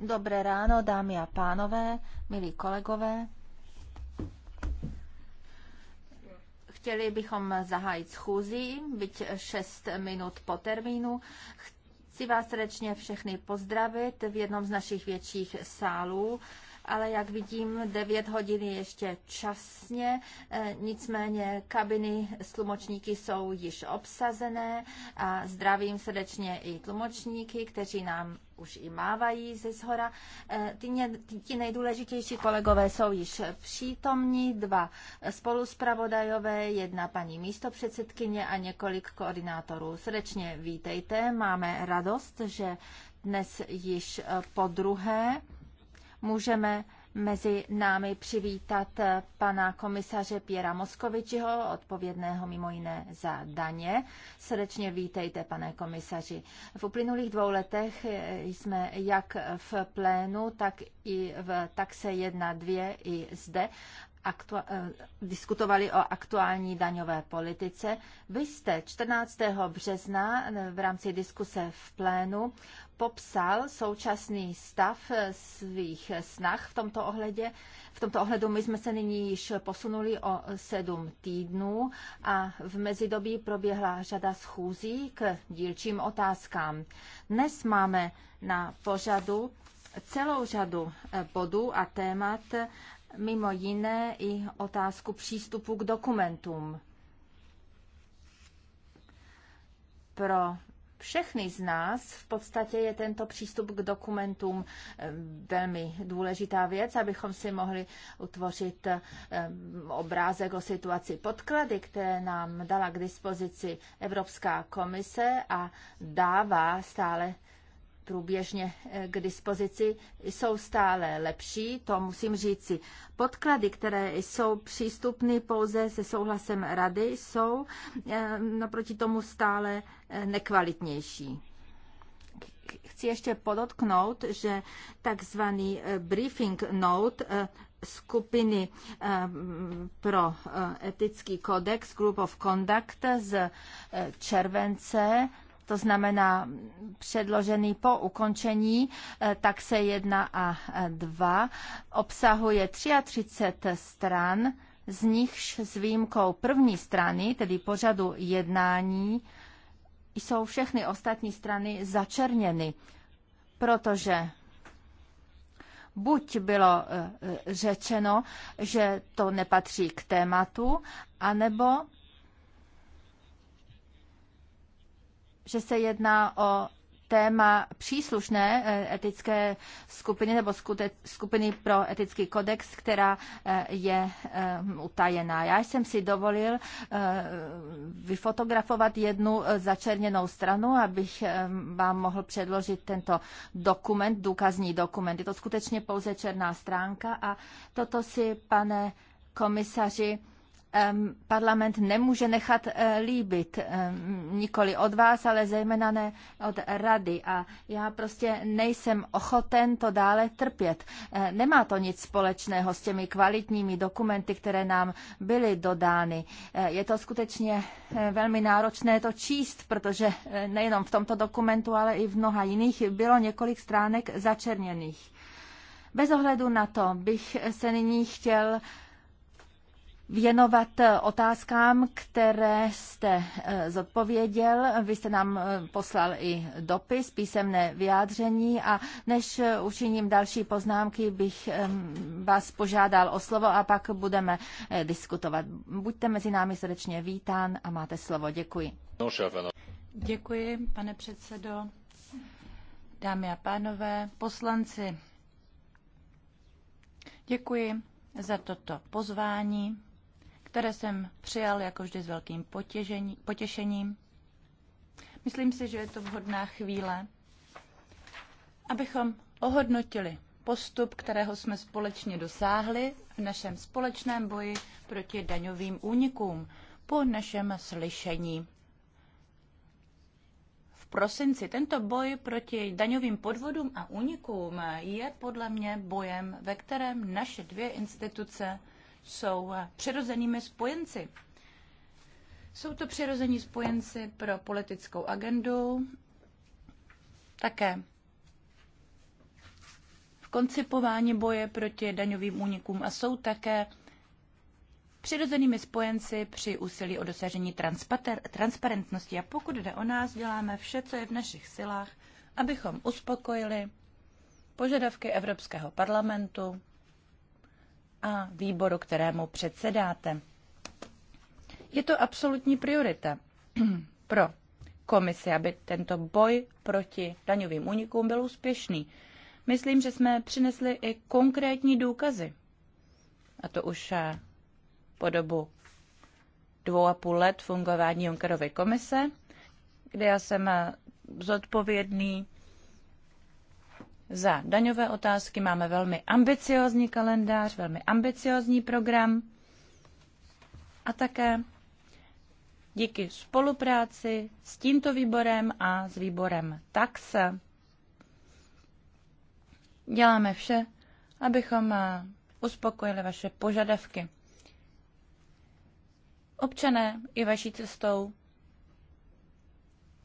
Dobré ráno, dámy a pánové, milí kolegové. Chtěli bychom zahájit schůzi, byť 6 minut po termínu. Chci vás srdečně všechny pozdravit v jednom z našich větších sálů ale jak vidím, 9 hodin je ještě časně, e, nicméně kabiny s tlumočníky jsou již obsazené a zdravím srdečně i tlumočníky, kteří nám už i mávají ze zhora. E, ty, ti nejdůležitější kolegové jsou již přítomní, dva spoluspravodajové, jedna paní místopředsedkyně a několik koordinátorů. Srdečně vítejte, máme radost, že dnes již po druhé můžeme mezi námi přivítat pana komisaře Piera Moskovičiho, odpovědného mimo jiné za daně. Srdečně vítejte, pane komisaři. V uplynulých dvou letech jsme jak v plénu, tak i v taxe 2 i zde eh, diskutovali o aktuální daňové politice. Vy jste 14. března v rámci diskuse v plénu popsal současný stav eh, svých eh, snah v tomto ohledě. V tomto ohledu my jsme se nyní již posunuli o sedm týdnů a v mezidobí proběhla řada schůzí k dílčím otázkám. Dnes máme na pořadu celou řadu eh, bodů a témat, mimo jiné i otázku přístupu k dokumentům. Pro všechny z nás v podstatě je tento přístup k dokumentům eh, velmi důležitá věc, abychom si mohli utvořit eh, obrázek o situaci podklady, které nám dala k dispozici Evropská komise a dává stále průběžně eh, k dispozici, jsou stále lepší, to musím říci. Podklady, které jsou přístupny pouze se souhlasem rady, jsou eh, naproti tomu stále eh, nekvalitnější chci ještě podotknout, že takzvaný briefing note skupiny pro etický kodex Group of Conduct z července to znamená předložený po ukončení eh, se 1 a 2, eh, obsahuje 33 stran, z nichž s výjimkou první strany, tedy pořadu jednání, jsou všechny ostatní strany začerněny, protože buď bylo eh, řečeno, že to nepatří k tématu, anebo že se jedná o téma příslušné eh, etické skupiny nebo skupiny pro etický kodex, která eh, je eh, utajená. Já jsem si dovolil vyfotografovat jednu začerněnou stranu, abych vám mohl předložit tento dokument, důkazní dokument. Je to skutečně pouze černá stránka a toto si, pane komisaři, parlament nemůže nechat eh, líbit. Nikoli od vás, ale zejména ne od rady. A já prostě nejsem ochoten to dále trpět. Eh, nemá to nic společného s těmi kvalitními dokumenty, které nám byly dodány. Eh, je to skutečně velmi náročné to číst, protože nejenom v tomto dokumentu, ale i v mnoha jiných bylo několik stránek začerněných. Bez ohledu na to bych se nyní chtěl věnovat eh, otázkám, které jste eh, zodpověděl. Vy jste nám eh, poslal i dopis, písemné vyjádření a než učiním další poznámky, bych vás požádal o slovo a pak budeme diskutovat. Buďte mezi námi srdečně vítán a máte slovo. Děkuji. Děkuji, pane předsedo. Dámy a pánové, poslanci, děkuji za toto pozvání které jsem přijal jako vždy s velkým potěžení, potěšením. Myslím si, že je to vhodná chvíle, abychom ohodnotili postup, kterého jsme společně dosáhli v našem společném boji proti daňovým únikům po našem slyšení. V prosinci tento boj proti daňovým podvodům a únikům je podle mě bojem, ve kterém naše dvě instituce jsou přirozenými spojenci. Jsou to přirození spojenci pro politickou agendu, také v koncipování boje proti daňovým únikům a jsou také přirozenými spojenci při úsilí o dosažení transparentnosti. A pokud jde o nás, děláme vše, co je v našich silách, abychom uspokojili požadavky Evropského parlamentu a výboru, kterému předsedáte. Je to absolutní priorita pro komisi, aby tento boj proti daňovým únikům byl úspěšný. Myslím, že jsme přinesli i konkrétní důkazy. A to už eh, po dobu dvou a půl let fungování Junckerovy komise, kde já jsem eh, zodpovědný za daňové otázky máme velmi ambiciozní kalendář, velmi ambiciozní program a také díky spolupráci s tímto výborem a s výborem taxe děláme vše, abychom eh, uspokojili vaše požadavky. Občané i vaší cestou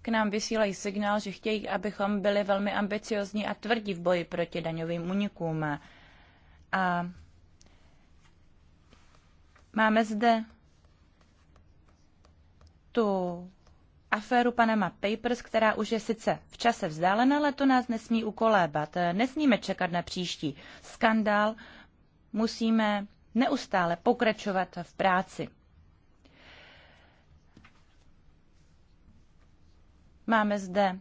nám vysílají signál, že chtějí, abychom byli velmi ambiciozní a tvrdí v boji proti daňovým unikům. A máme zde tu aféru Panama Papers, která už je sice v čase vzdálená, ale to nás nesmí ukolébat. Nesmíme čekat na příští skandál, musíme neustále pokračovat v práci. Máme zde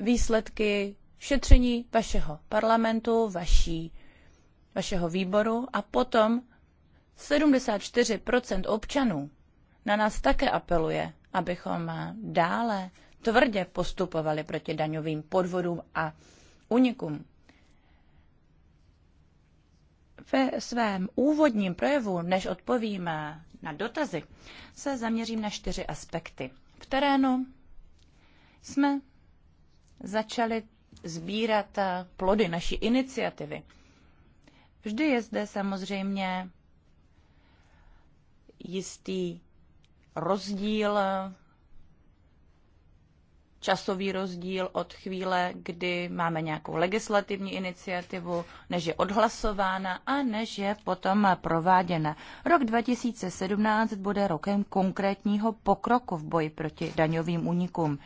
výsledky šetření vašeho parlamentu, vaší, vašeho výboru a potom 74% občanů na nás také apeluje, abychom dále tvrdě postupovali proti daňovým podvodům a unikům. Ve svém úvodním projevu, než odpovím na dotazy, se zaměřím na čtyři aspekty v terénu jsme začali sbírat eh, plody naší iniciativy. Vždy je zde samozřejmě jistý rozdíl eh, časový rozdíl od chvíle, kdy máme nějakou legislativní iniciativu, než je odhlasována a než je potom prováděna. Rok 2017 bude rokem konkrétního pokroku v boji proti daňovým únikům.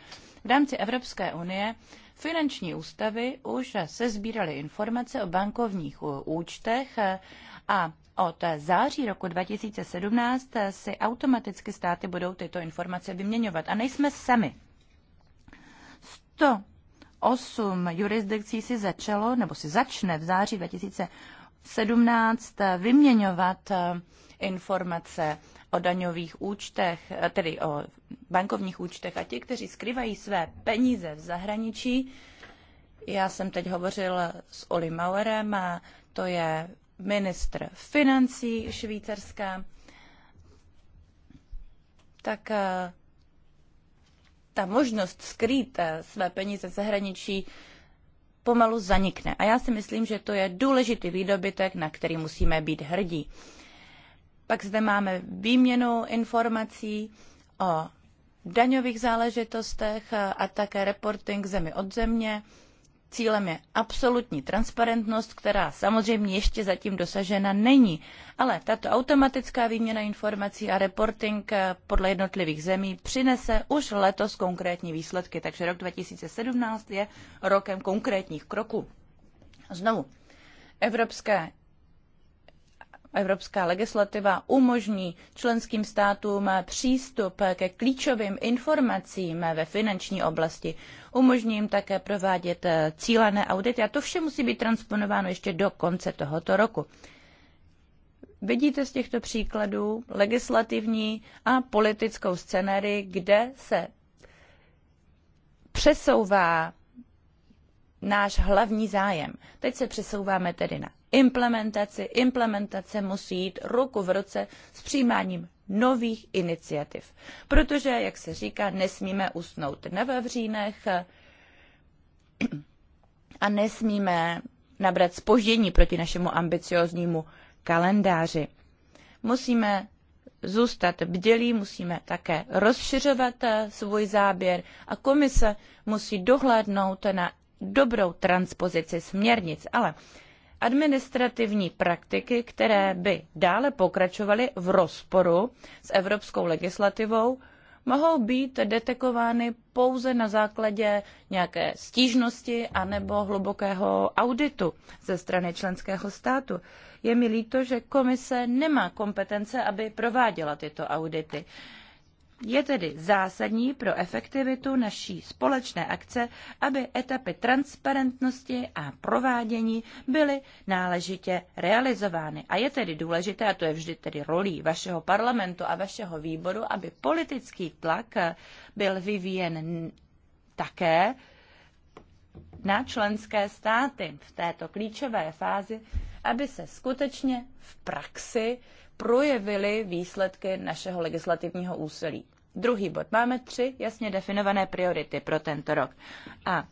V rámci Evropské unie finanční ústavy už se sbíraly informace o bankovních účtech a od září roku 2017 si automaticky státy budou tyto informace vyměňovat. A nejsme sami. 108 jurisdikcí si začalo, nebo si začne v září 2017 vyměňovat eh, informace o daňových účtech, eh, tedy o bankovních účtech a ti, kteří skrývají své peníze v zahraničí. Já jsem teď hovořil s Oli Mauerem, a to je ministr financí švýcarská. Tak eh, ta možnost skrýt eh, své peníze v zahraničí pomalu zanikne. A já si myslím, že to je důležitý výdobytek, na který musíme být hrdí. Pak zde máme výměnu informací o daňových záležitostech a také reporting zemi od země. Cílem je absolutní transparentnost, která samozřejmě ještě zatím dosažena není. Ale tato automatická výměna informací a reporting eh, podle jednotlivých zemí přinese už letos konkrétní výsledky, takže rok 2017 je rokem konkrétních kroků. Znovu, evropské evropská legislativa umožní členským státům přístup ke klíčovým informacím ve finanční oblasti. Umožní jim také provádět eh, cílené audity a to vše musí být transponováno ještě do konce tohoto roku. Vidíte z těchto příkladů legislativní a politickou scenérii, kde se přesouvá náš hlavní zájem. Teď se přesouváme tedy na implementaci. Implementace musí jít ruku v ruce s přijímáním nových iniciativ. Protože, jak se říká, nesmíme usnout na Vavřínech a nesmíme nabrat spoždění proti našemu ambicioznímu kalendáři. Musíme zůstat bdělí, musíme také rozšiřovat eh, svůj záběr a komise musí dohlédnout na dobrou transpozici směrnic. Ale administrativní praktiky, které by dále pokračovaly v rozporu s evropskou legislativou, mohou být detekovány pouze na základě nějaké stížnosti anebo hlubokého auditu ze strany členského státu. Je mi líto, že komise nemá kompetence, aby prováděla tyto audity. Je tedy zásadní pro efektivitu naší společné akce, aby etapy transparentnosti a provádění byly náležitě realizovány. A je tedy důležité, a to je vždy tedy rolí vašeho parlamentu a vašeho výboru, aby politický tlak byl vyvíjen také na členské státy v této klíčové fázi, aby se skutečně v praxi projevily výsledky našeho legislativního úsilí. Druhý bod. Máme tři jasně definované priority pro tento rok. A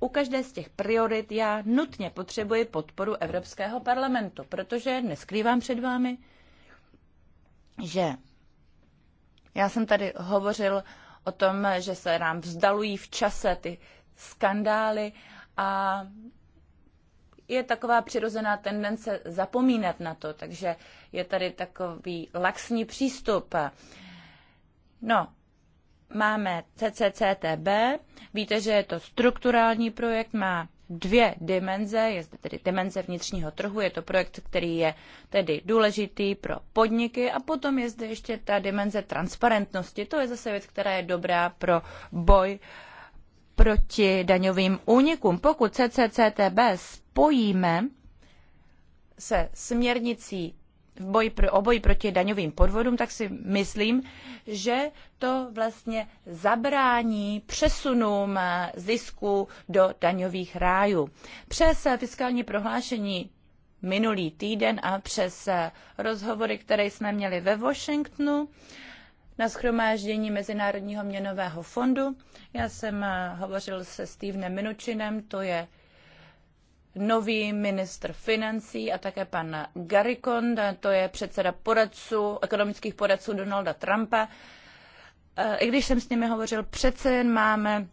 u každé z těch priorit já nutně potřebuji podporu Evropského parlamentu, protože neskrývám před vámi, že já jsem tady hovořil o tom, že se nám vzdalují v čase ty skandály a je taková přirozená tendence zapomínat na to, takže je tady takový laxní přístup. No, máme CCCTB, víte, že je to strukturální projekt, má dvě dimenze, je zde tedy dimenze vnitřního trhu, je to projekt, který je tedy důležitý pro podniky a potom je zde ještě ta dimenze transparentnosti, to je zase věc, která je dobrá pro boj proti daňovým únikům. Pokud CCCTB spojíme se směrnicí v boji pro, o boji proti daňovým podvodům, tak si myslím, že to vlastně zabrání přesunům eh, zisku do daňových rájů. Přes eh, fiskální prohlášení minulý týden a přes eh, rozhovory, které jsme měli ve Washingtonu na schromáždění Mezinárodního měnového fondu. Já jsem hovořil se Stevenem Minučinem, to je nový ministr financí a také pan Garikon, to je předseda poradců, ekonomických poradců Donalda Trumpa. Eh, I když jsem s nimi hovořil, přece jen máme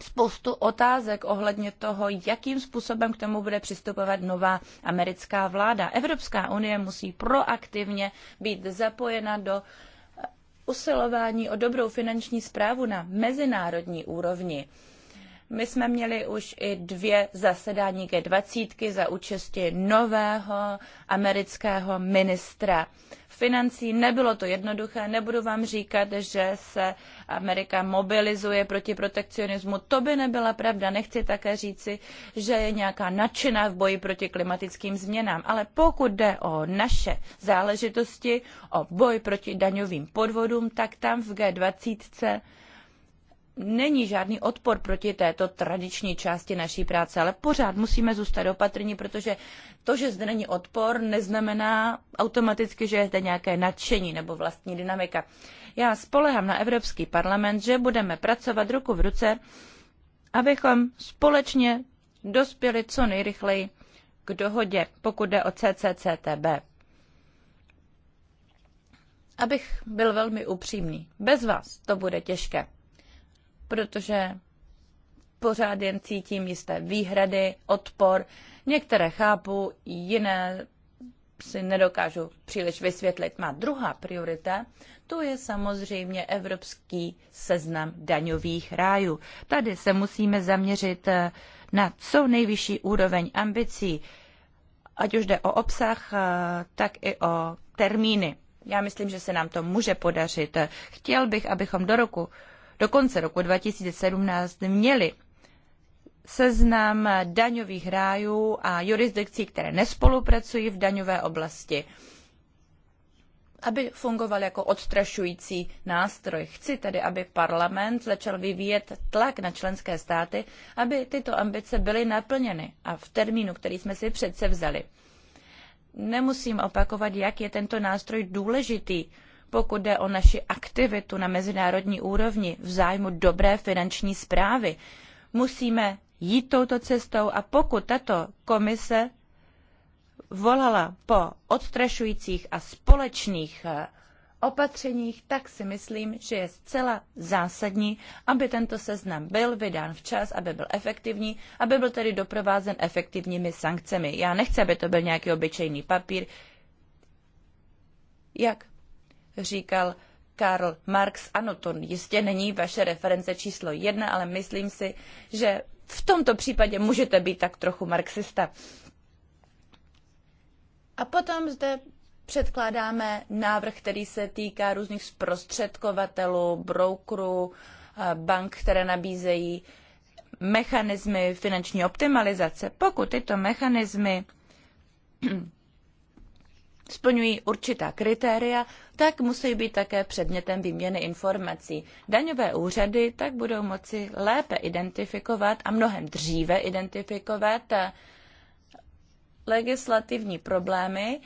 spoustu otázek ohledně toho, jakým způsobem k tomu bude přistupovat nová americká vláda. Evropská unie musí proaktivně být zapojena do eh, usilování o dobrou finanční zprávu na mezinárodní úrovni. My jsme měli už i dvě zasedání G20 za účasti nového amerického ministra financí. Nebylo to jednoduché, nebudu vám říkat, že se Amerika mobilizuje proti protekcionismu. To by nebyla pravda. Nechci také říci, že je nějaká nadšená v boji proti klimatickým změnám. Ale pokud jde o naše záležitosti, o boj proti daňovým podvodům, tak tam v G20 není žádný odpor proti této tradiční části naší práce, ale pořád musíme zůstat opatrní, protože to, že zde není odpor, neznamená automaticky, že je zde nějaké nadšení nebo vlastní dynamika. Já spolehám na Evropský parlament, že budeme pracovat ruku v ruce, abychom společně dospěli co nejrychleji k dohodě, pokud jde o CCCTB. Abych byl velmi upřímný, bez vás to bude těžké protože pořád jen cítím jisté výhrady, odpor. Některé chápu, jiné si nedokážu příliš vysvětlit. Má druhá priorita, to je samozřejmě evropský seznam daňových rájů. Tady se musíme zaměřit eh, na co nejvyšší úroveň ambicí, ať už jde o obsah, eh, tak i o termíny. Já myslím, že se nám to může podařit. Chtěl bych, abychom do roku do konce roku 2017 měli seznam daňových rájů a jurisdikcí, které nespolupracují v daňové oblasti, aby fungoval jako odstrašující nástroj. Chci tedy, aby parlament začal vyvíjet tlak na členské státy, aby tyto ambice byly naplněny a v termínu, který jsme si přece vzali. Nemusím opakovat, jak je tento nástroj důležitý pokud jde o naši aktivitu na mezinárodní úrovni v zájmu dobré finanční zprávy. Musíme jít touto cestou a pokud tato komise volala po odstrašujících a společných eh, opatřeních, tak si myslím, že je zcela zásadní, aby tento seznam byl vydán včas, aby byl efektivní, aby byl tedy doprovázen efektivními sankcemi. Já nechci, aby to byl nějaký obyčejný papír. Jak říkal Karl Marx. Ano, to jistě není vaše reference číslo jedna, ale myslím si, že v tomto případě můžete být tak trochu marxista. A potom zde předkládáme návrh, který se týká různých zprostředkovatelů, brokerů, eh, bank, které nabízejí mechanismy finanční optimalizace. Pokud tyto mechanismy splňují určitá kritéria, tak musí být také předmětem výměny informací. Daňové úřady tak budou moci lépe identifikovat a mnohem dříve identifikovat eh, legislativní problémy,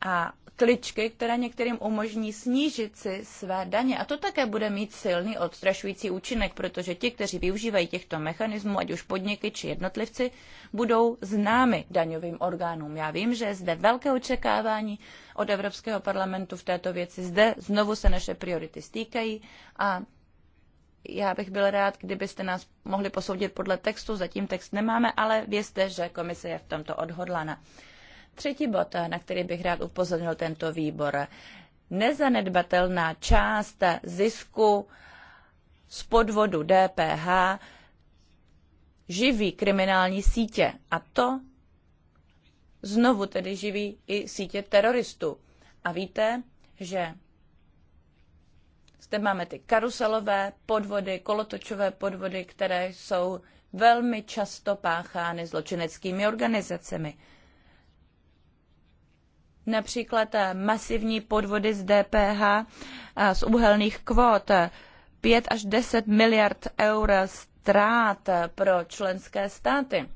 a kličky, které některým umožní snížit si své daně. A to také bude mít silný odstrašující účinek, protože ti, kteří využívají těchto mechanismů, ať už podniky či jednotlivci, budou známy daňovým orgánům. Já vím, že je zde velké očekávání od Evropského parlamentu v této věci. Zde znovu se naše priority stýkají a já bych byl rád, kdybyste nás mohli posoudit podle textu. Zatím text nemáme, ale vězte, že komise je v tomto odhodlana. Třetí bod, na který bych rád upozornil tento výbor. Nezanedbatelná část zisku z podvodu DPH živí kriminální sítě a to znovu tedy živí i sítě teroristů. A víte, že zde máme ty karuselové podvody, kolotočové podvody, které jsou velmi často páchány zločineckými organizacemi například eh, masivní podvody z DPH a eh, z uhelných kvót, 5 až 10 miliard eur ztrát eh, pro členské státy.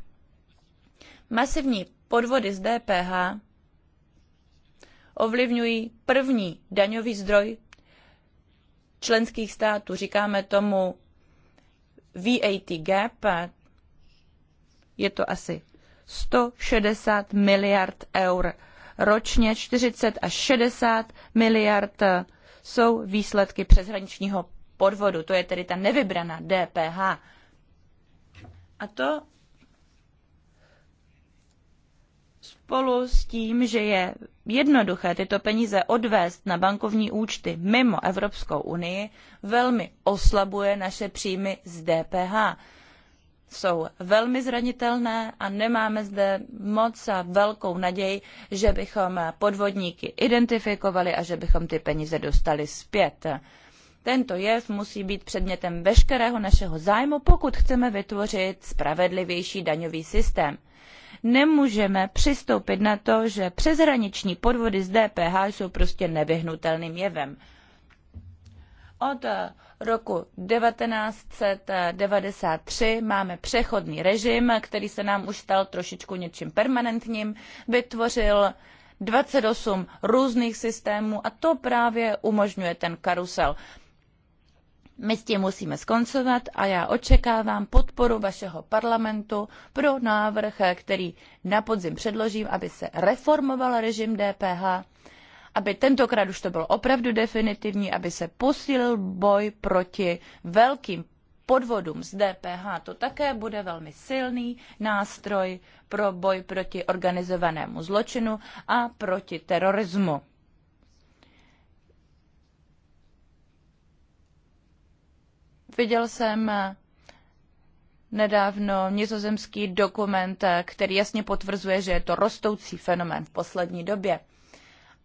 Masivní podvody z DPH ovlivňují první daňový zdroj členských států, říkáme tomu VAT gap, je to asi 160 miliard eur ročně 40 až 60 miliard eh, jsou výsledky přeshraničního podvodu. To je tedy ta nevybraná DPH. A to spolu s tím, že je jednoduché tyto peníze odvést na bankovní účty mimo Evropskou unii, velmi oslabuje naše příjmy z DPH jsou velmi zranitelné a nemáme zde moc a velkou naději, že bychom podvodníky identifikovali a že bychom ty peníze dostali zpět. Tento jev musí být předmětem veškerého našeho zájmu, pokud chceme vytvořit spravedlivější daňový systém. Nemůžeme přistoupit na to, že přeshraniční podvody z DPH jsou prostě nevyhnutelným jevem. Od roku 1993 máme přechodný režim, který se nám už stal trošičku něčím permanentním, vytvořil 28 různých systémů a to právě umožňuje ten karusel. My s tím musíme skoncovat a já očekávám podporu vašeho parlamentu pro návrh, který na podzim předložím, aby se reformoval režim DPH aby tentokrát už to bylo opravdu definitivní, aby se posílil boj proti velkým podvodům z DPH. To také bude velmi silný nástroj pro boj proti organizovanému zločinu a proti terorismu. Viděl jsem nedávno nizozemský dokument, který jasně potvrzuje, že je to rostoucí fenomén v poslední době.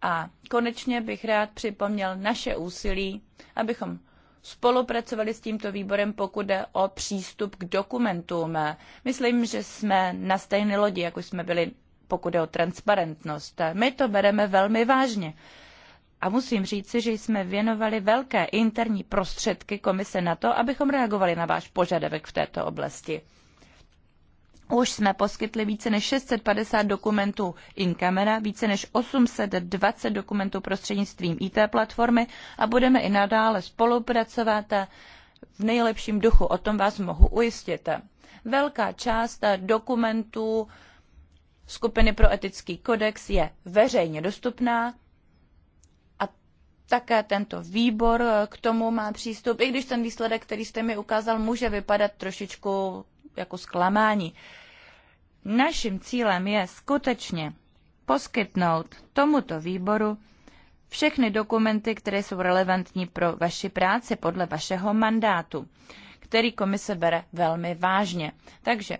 A konečně bych rád připomněl naše úsilí, abychom spolupracovali s tímto výborem, pokud jde o přístup k dokumentům. Myslím, že jsme na stejné lodi, jako jsme byli, pokud jde o transparentnost. My to bereme velmi vážně. A musím říci, že jsme věnovali velké interní prostředky komise na to, abychom reagovali na váš požadavek v této oblasti. Už jsme poskytli více než 650 dokumentů in camera, více než 820 dokumentů prostřednictvím IT platformy a budeme i nadále spolupracovat v nejlepším duchu. O tom vás mohu ujistit. Velká část dokumentů skupiny pro etický kodex je veřejně dostupná a také tento výbor k tomu má přístup, i když ten výsledek, který jste mi ukázal, může vypadat trošičku jako zklamání. Naším cílem je skutečně poskytnout tomuto výboru všechny dokumenty, které jsou relevantní pro vaši práci podle vašeho mandátu, který komise bere velmi vážně. Takže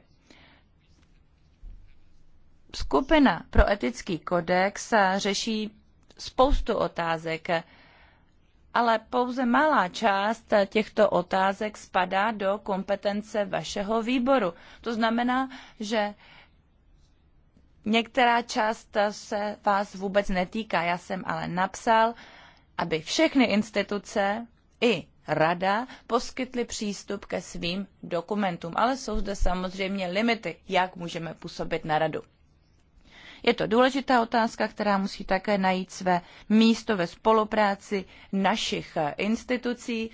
skupina pro etický kodex řeší spoustu otázek, ale pouze malá část těchto otázek spadá do kompetence vašeho výboru. To znamená, že některá část se vás vůbec netýká. Já jsem ale napsal, aby všechny instituce i rada poskytly přístup ke svým dokumentům. Ale jsou zde samozřejmě limity, jak můžeme působit na radu. Je to důležitá otázka, která musí také najít své místo ve spolupráci našich eh, institucí.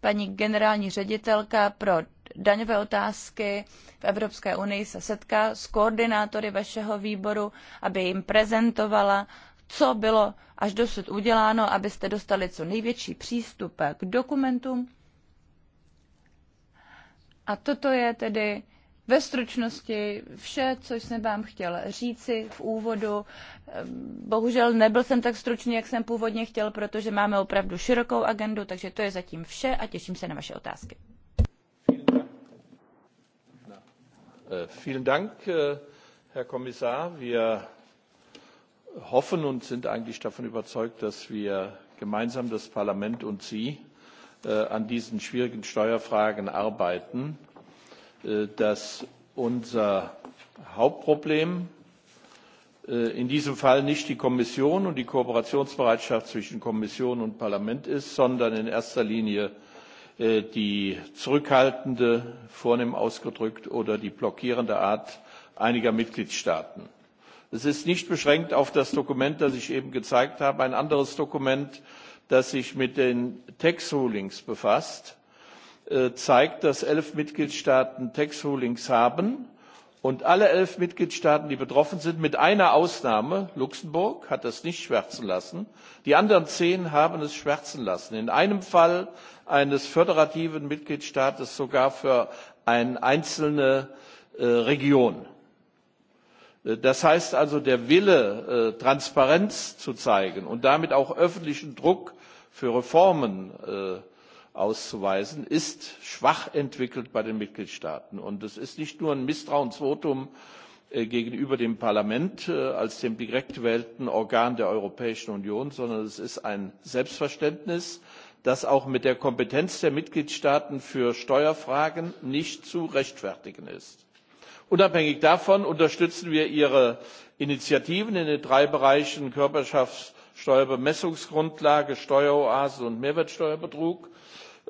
Paní generální ředitelka pro daňové otázky v Evropské unii se setká s koordinátory vašeho výboru, aby jim prezentovala, co bylo až dosud uděláno, abyste dostali co největší přístup k dokumentům. A toto je tedy ve stručnosti vše, co jsem vám chtěl říci v úvodu. Ehm, bohužel nebyl jsem tak stručný, jak jsem původně chtěl, protože máme opravdu širokou agendu, takže to je zatím vše a těším se na vaše otázky. Vielen Dank, äh, Herr Kommissar. Wir hoffen und sind eigentlich davon überzeugt, dass wir gemeinsam das Parlament und Sie äh, an diesen schwierigen Steuerfragen arbeiten Äh, dass unser Hauptproblem äh, in diesem Fall nicht die Kommission und die Kooperationsbereitschaft zwischen Kommission und Parlament ist, sondern in erster Linie äh, die zurückhaltende, vornehm ausgedrückt, oder die blockierende Art einiger Mitgliedstaaten. Es ist nicht beschränkt auf das Dokument, das ich eben gezeigt habe, ein anderes Dokument, das sich mit den Tax Rulings befasst Äh, zeigt, dass elf Mitgliedstaaten Tax Rulings haben und alle elf Mitgliedstaaten, die betroffen sind, mit einer Ausnahme, Luxemburg hat das nicht schwärzen lassen, die anderen zehn haben es schwärzen lassen. In einem Fall eines föderativen Mitgliedstaates sogar für eine einzelne äh, Region. Äh, das heißt also, der Wille, äh, Transparenz zu zeigen und damit auch öffentlichen Druck für Reformen auszuweisen ist schwach entwickelt bei den mitgliedstaaten. und es ist nicht nur ein misstrauensvotum äh, gegenüber dem parlament äh, als dem direkt gewählten organ der europäischen union sondern es ist ein selbstverständnis das auch mit der kompetenz der mitgliedstaaten für steuerfragen nicht zu rechtfertigen ist. unabhängig davon unterstützen wir ihre initiativen in den drei bereichen körperschaft steuerbemessungsgrundlage steueroasen und mehrwertsteuerbetrug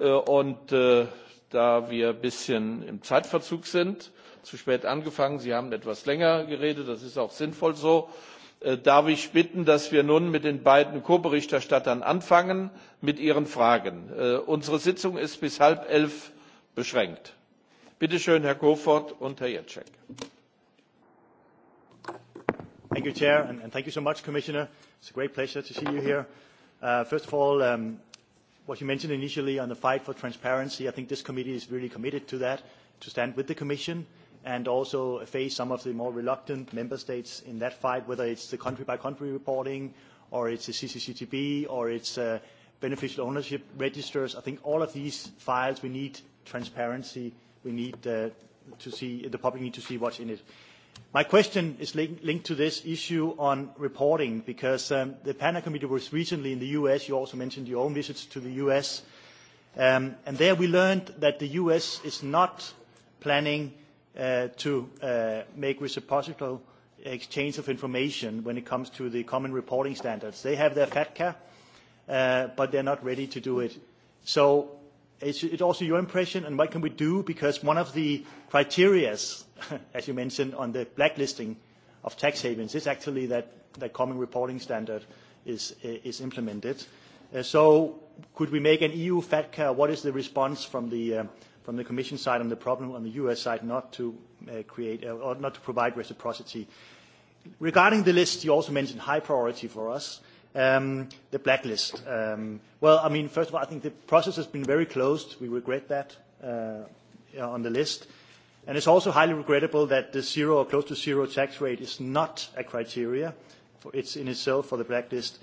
äh, und äh, da wir ein bisschen im zeitverzug sind zu spät angefangen sie haben etwas länger geredet das ist auch sinnvoll so äh, darf ich bitten dass wir nun mit den beiden ko berichterstattern anfangen mit ihren fragen. unsere sitzung ist bis halb elf beschränkt. bitte schön herr kofod und herr jeek! Thank you, Chair, and, thank you so much, Commissioner. It's a great pleasure to see you here. Uh, first of all, um, what you mentioned initially on the fight for transparency, I think this committee is really committed to that, to stand with the Commission and also face some of the more reluctant member states in that fight, whether it's the country-by-country reporting or it's the CCCTB or it's uh, beneficial ownership registers. I think all of these files, we need transparency. We need uh, to see, the public need to see what's in it. My question is linked to this issue on reporting, because um, the PANA Committee was recently in the U.S. You also mentioned your own visits to the U.S. Um, and there we learned that the U.S. is not planning uh, to uh, make reciprocal exchange of information when it comes to the common reporting standards. They have their FATCA, uh, but they're not ready to do it. So is it also your impression, and what can we do? Because one of the criteria, as you mentioned, on the blacklisting of tax havens is actually that the common reporting standard is, is implemented. Uh, so could we make an EU FATCA? What is the response from the, uh, from the Commission side on the problem on the US side not to uh, create uh, or not to provide reciprocity? Regarding the list, you also mentioned high priority for us. Um, the blacklist. Um, well, I mean, first of all, I think the process has been very closed. We regret that uh, on the list. And it's also highly regrettable that the zero or close to zero tax rate is not a criteria. For, it's in itself for the blacklist.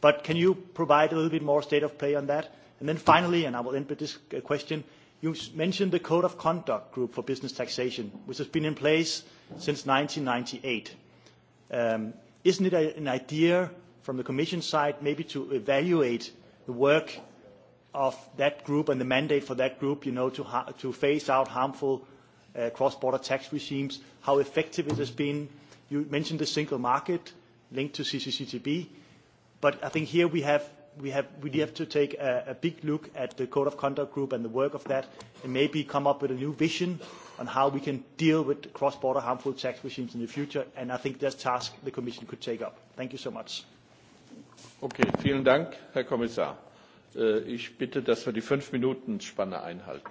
But can you provide a little bit more state of play on that? And then finally, and I will end with this uh, question, you mentioned the Code of Conduct Group for Business Taxation, which has been in place since 1998. Um, isn't it a, an idea from the Commission side maybe to evaluate the work of that group and the mandate for that group, you know, to, to phase out harmful uh, cross-border tax regimes, how effective it has been. You mentioned the single market linked to CCCTB, but I think here we have, we have, we have to take a, a big look at the Code of Conduct Group and the work of that, and maybe come up with a new vision on how we can deal with cross-border harmful tax regimes in the future, and I think that's a task the Commission could take up. Thank you so much vielen Dank, Herr Kommissar. Äh, ich bitte, dass wir die fünf Minuten Spanne einhalten.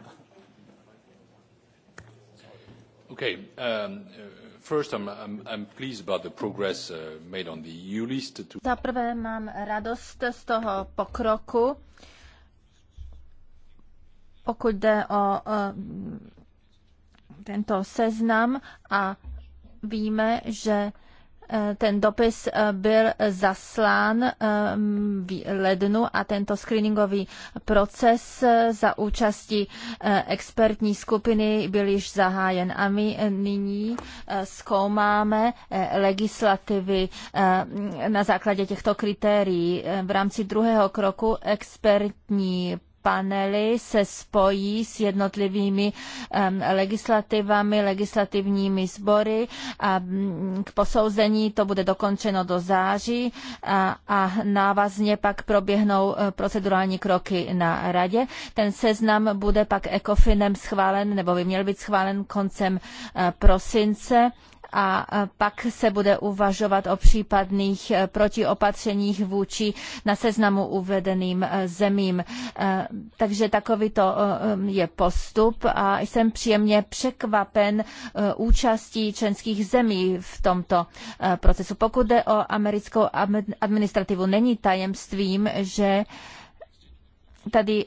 Okay. Um, uh, first, I'm, pleased about the progress uh, made on the EU list. To... Za prvé mám radost z toho pokroku, pokud jde o tento seznam a víme, že ten dopis eh, byl eh, zaslán eh, v lednu a tento screeningový proces za účasti expertní skupiny byl již zahájen. A my nyní zkoumáme legislativy na základě těchto kritérií. V rámci druhého kroku expertní panely se spojí s jednotlivými um, legislativami, legislativními sbory a mm, k posouzení to bude dokončeno do září a, a návazně pak proběhnou e, procedurální kroky na radě. Ten seznam bude pak ECOFINem schválen, nebo by měl být schválen koncem e, prosince a pak se bude uvažovat o případných e, protiopatřeních vůči na seznamu uvedeným e, zemím. E, takže takovýto je postup a jsem příjemně překvapen účastí členských zemí v tomto procesu. Pokud jde o americkou administrativu, není tajemstvím, že tady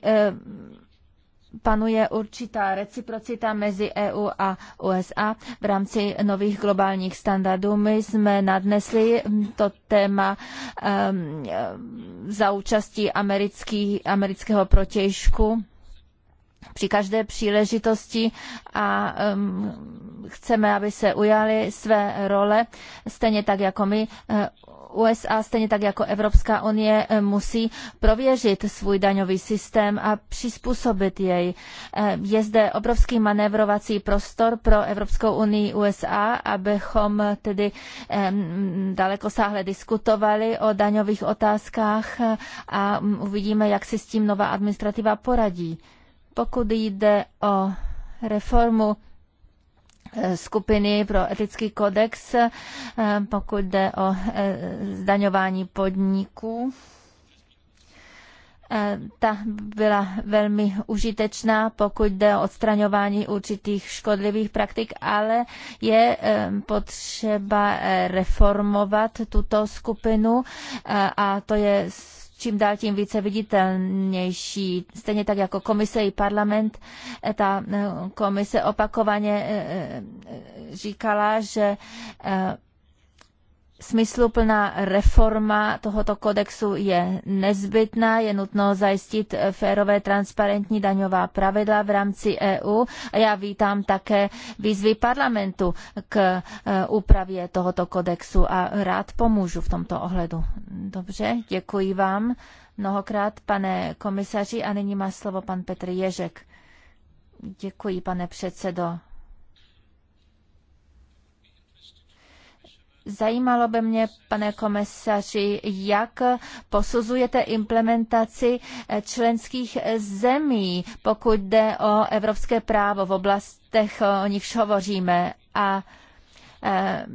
panuje určitá reciprocita mezi EU a USA v rámci nových globálních standardů. My jsme nadnesli to téma um, za účastí americký, amerického protějšku při každé příležitosti a um, chceme, aby se ujali své role, stejně tak jako my uh, USA, stejně tak jako Evropská unie, eh, musí prověřit svůj daňový systém a přizpůsobit jej. Eh, je zde obrovský manévrovací prostor pro Evropskou unii USA, abychom tedy daleko sáhle diskutovali o daňových otázkách eh, a mm, uvidíme, jak si s tím nová administrativa poradí. Pokud jde o reformu Eh, skupiny pro etický kodex, eh, pokud jde o eh, zdaňování podniků. Ta byla velmi užitečná, pokud jde o odstraňování určitých škodlivých praktik, ale je potřeba reformovat tuto skupinu a to je čím dál tím více viditelnější. Stejně tak jako komise i parlament, eh, ta eh, komise opakovaně eh, říkala, že Smysluplná reforma tohoto kodexu je nezbytná, je nutno zajistit férové transparentní daňová pravidla v rámci EU a já vítám také výzvy parlamentu k e, úpravě tohoto kodexu a rád pomůžu v tomto ohledu. Dobře, děkuji vám mnohokrát, pane komisaři, a nyní má slovo pan Petr Ježek. Děkuji, pane předsedo. Zajímalo by mě, pane komisaři, jak posuzujete implementaci eh, členských eh, zemí, pokud jde o evropské právo v oblastech, o nichž hovoříme. A eh,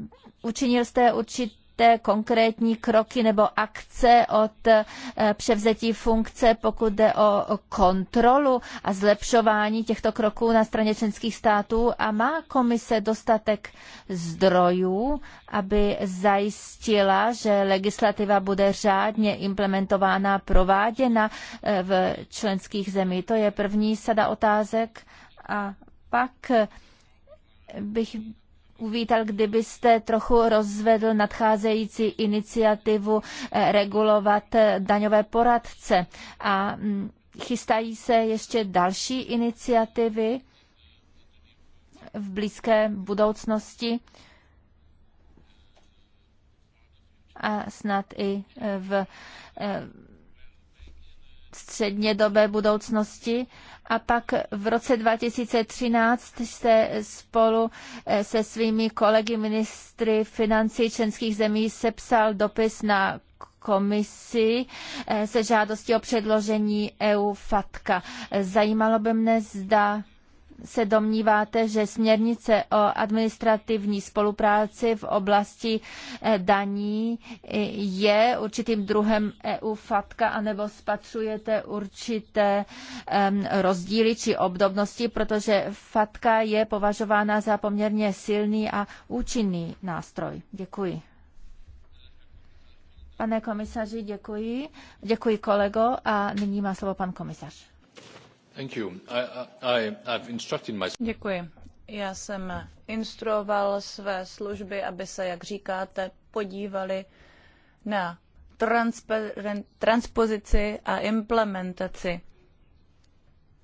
učinil jste určitě vidíte konkrétní kroky nebo akce od eh, převzetí funkce, pokud jde o kontrolu a zlepšování těchto kroků na straně členských států a má komise dostatek zdrojů, aby zajistila, že legislativa bude řádně implementována, prováděna eh, v členských zemích. To je první sada otázek. A pak bych uvítal, kdybyste trochu rozvedl nadcházející iniciativu eh, regulovat eh, daňové poradce. A mm, chystají se ještě další iniciativy v blízké budoucnosti a snad i eh, v střednědobé budoucnosti a pak v roce 2013 se spolu eh, se svými kolegy ministry financí členských zemí sepsal dopis na komisi eh, se žádostí o předložení EU FATKA. Zajímalo by mne, zda se domníváte, že směrnice o administrativní spolupráci v oblasti eh, daní eh, je určitým druhem EU FATKA, anebo spatřujete určité rozdíly či obdobnosti, protože FATKA je považována za poměrně silný a účinný nástroj. Děkuji. Pane komisaři, děkuji. Děkuji kolego a nyní má slovo pan komisař. Děkuji. Já jsem instruoval své služby, aby se, jak říkáte, podívali na transpozici a implementaci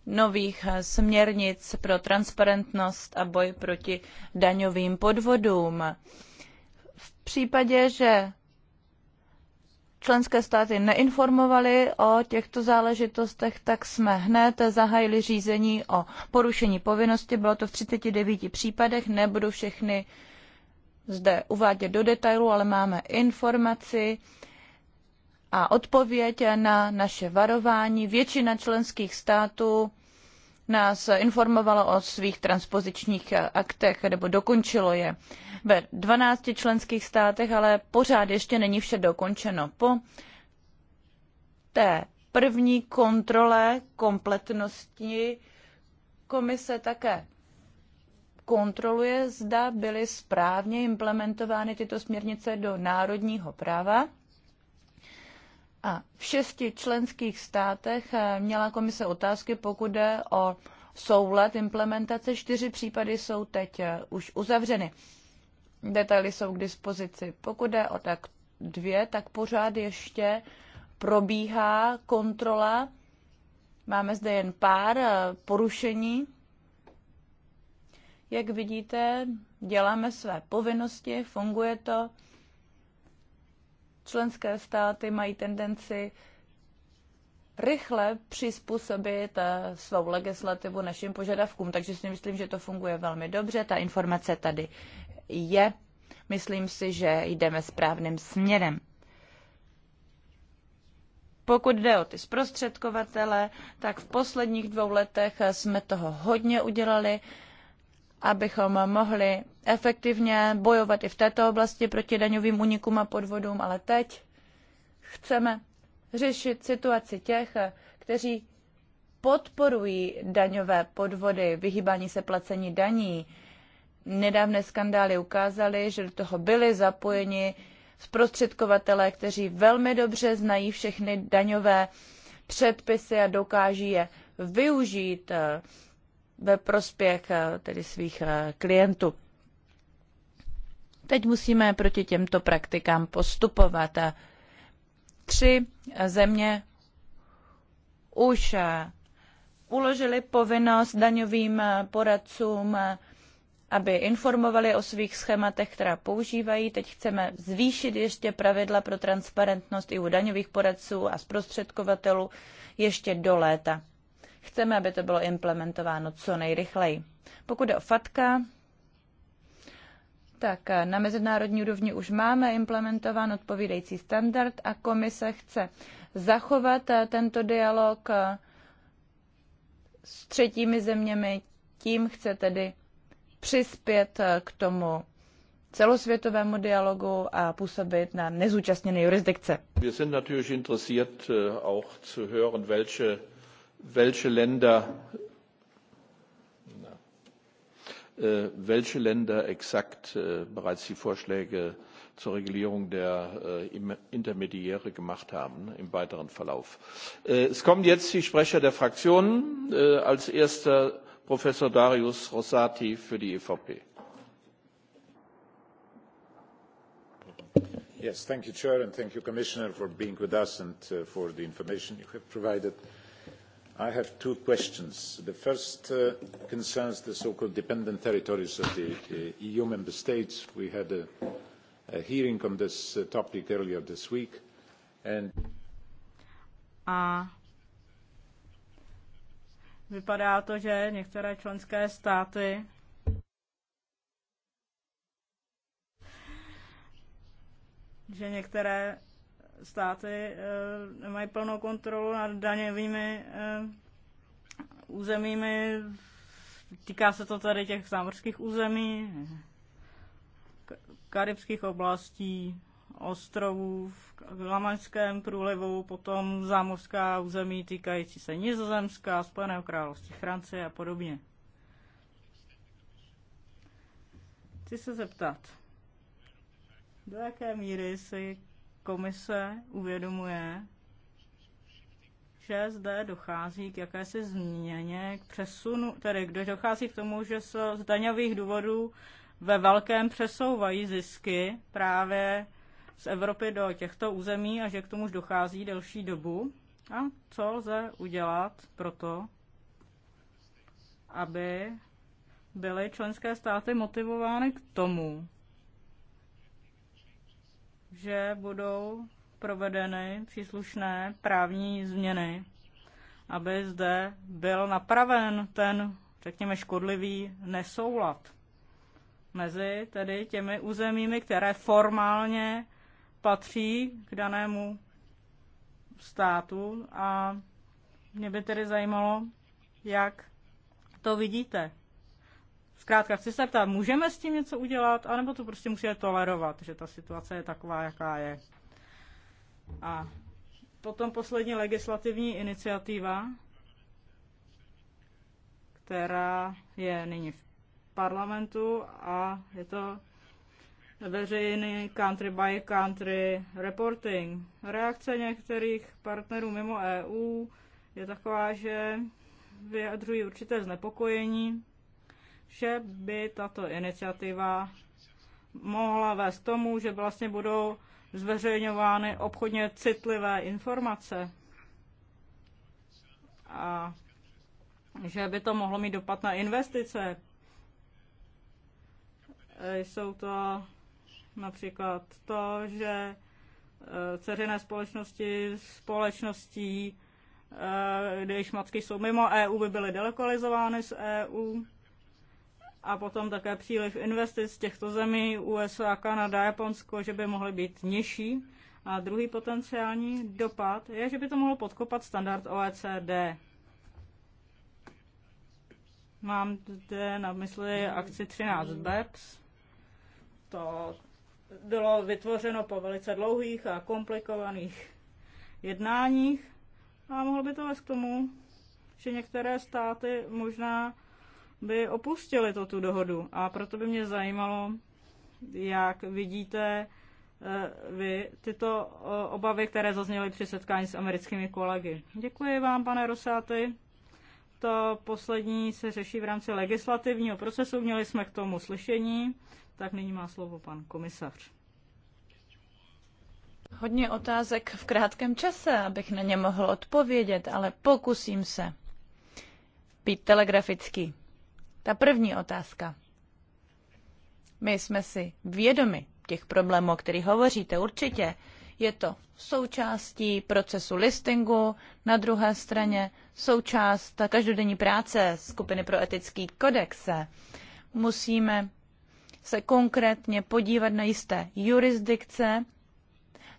nových směrnic pro transparentnost a boj proti daňovým podvodům. V případě, že členské státy neinformovaly o těchto záležitostech, tak jsme hned zahájili řízení o porušení povinnosti. Bylo to v 39 případech, nebudu všechny zde uvádět do detailu, ale máme informaci a odpověď na naše varování. Většina členských států nás informovalo o svých transpozičních aktech nebo dokončilo je ve 12 členských státech, ale pořád ještě není vše dokončeno. Po té první kontrole kompletnosti komise také kontroluje, zda byly správně implementovány tyto směrnice do národního práva a v šesti členských státech eh, měla komise otázky, pokud jde o soulad implementace. Čtyři případy jsou teď eh, už uzavřeny. Detaily jsou k dispozici. Pokud jde o tak dvě, tak pořád ještě probíhá kontrola. Máme zde jen pár eh, porušení. Jak vidíte, děláme své povinnosti, funguje to členské státy mají tendenci rychle přizpůsobit eh, svou legislativu našim požadavkům. Takže si myslím, že to funguje velmi dobře. Ta informace tady je. Myslím si, že jdeme správným směrem. Pokud jde o ty zprostředkovatele, tak v posledních dvou letech jsme toho hodně udělali abychom mohli efektivně bojovat i v této oblasti proti daňovým únikům a podvodům, ale teď chceme řešit situaci těch, kteří podporují daňové podvody, vyhýbání se placení daní. Nedávné skandály ukázaly, že do toho byly zapojeni zprostředkovatelé, kteří velmi dobře znají všechny daňové předpisy a dokáží je využít ve prospěch eh, tedy svých eh, klientů. Teď musíme proti těmto praktikám postupovat. Tři země už eh, uložili povinnost daňovým poradcům, aby informovali o svých schématech, která používají. Teď chceme zvýšit ještě pravidla pro transparentnost i u daňových poradců a zprostředkovatelů ještě do léta. Chceme, aby to bylo implementováno co nejrychleji. Pokud je o FATKA, tak eh, na mezinárodní úrovni už máme implementován odpovídající standard a komise chce zachovat eh, tento dialog eh, s třetími zeměmi, tím chce tedy přispět k tomu celosvětovému dialogu a působit na nezúčastněné jurisdikce. Wir sind natürlich interessiert auch zu hören, welche welche Länder na, äh, welche Länder exakt äh, bereits die Vorschläge zur Regulierung der äh, Intermediäre gemacht haben im weiteren Verlauf. Äh, Es kommen jetzt die Sprecher der Fraktionen. Äh, Als erster Professor Darius Rossati für die EVP. Yes, thank you, Chair, and thank you, Commissioner, for being with us and uh, for the information you have provided. Uh, i have two questions. The first uh, concerns the so-called dependent territories of the, the EU member states. We had a, a hearing on this uh, topic earlier this week. And A vypadá to, že některé členské státy že některé státy eh, mají plnou kontrolu nad e, územími. Týká se to tady těch zámořských území, karibských oblastí, ostrovů v Lamaňském průlivu, potom zámořská území týkající se Nizozemska, Spojeného království Francie a podobně. Chci se zeptat, do jaké míry si komise uvědomuje, že zde dochází k jakési změně, k přesunu, tedy kde dochází k tomu, že se z daňových důvodů ve velkém přesouvají zisky právě z Evropy do těchto území a že k tomu už dochází delší dobu. A co lze udělat pro to, aby byly členské státy motivovány k tomu, že budou provedeny příslušné právní změny, aby zde byl napraven ten, řekněme, škodlivý nesoulad mezi tedy těmi územími, které formálně patří k danému státu a mě by tedy zajímalo, jak to vidíte. Zkrátka chci se ptát, můžeme s tím něco udělat, anebo to prostě musíme tolerovat, že ta situace je taková, jaká je. A potom poslední legislativní iniciativa, která je nyní v parlamentu a je to veřejný country by country reporting. Reakce některých partnerů mimo EU je taková, že vyjadřují určité znepokojení že by tato iniciativa mohla vést tomu, že vlastně budou zveřejňovány obchodně citlivé informace a že by to mohlo mít dopad na investice. E, jsou to například to, že e, ceřené společnosti společností, e, když matky jsou mimo EU, by byly delokalizovány z EU a potom také příliv investic z těchto zemí USA, Kanada, Japonsko, že by mohly být nižší. A druhý potenciální dopad je, že by to mohlo podkopat standard OECD. Mám zde na mysli akci 13 BEPS. To bylo vytvořeno po velice dlouhých a komplikovaných jednáních a mohlo by to vést k tomu, že některé státy možná by opustili to, tu dohodu. A proto by mě zajímalo, jak vidíte eh, vy tyto eh, obavy, které zazněly při setkání s americkými kolegy. Děkuji vám, pane Rosáty. To poslední se řeší v rámci legislativního procesu. Měli jsme k tomu slyšení, tak nyní má slovo pan komisař. Hodně otázek v krátkém čase, abych na ně mohl odpovědět, ale pokusím se být telegraficky. Ta první otázka. My jsme si vědomi těch problémů, o kterých hovoříte určitě. Je to součástí procesu listingu, na druhé straně součást každodenní práce skupiny pro etický kodex. Musíme se konkrétně podívat na jisté jurisdikce,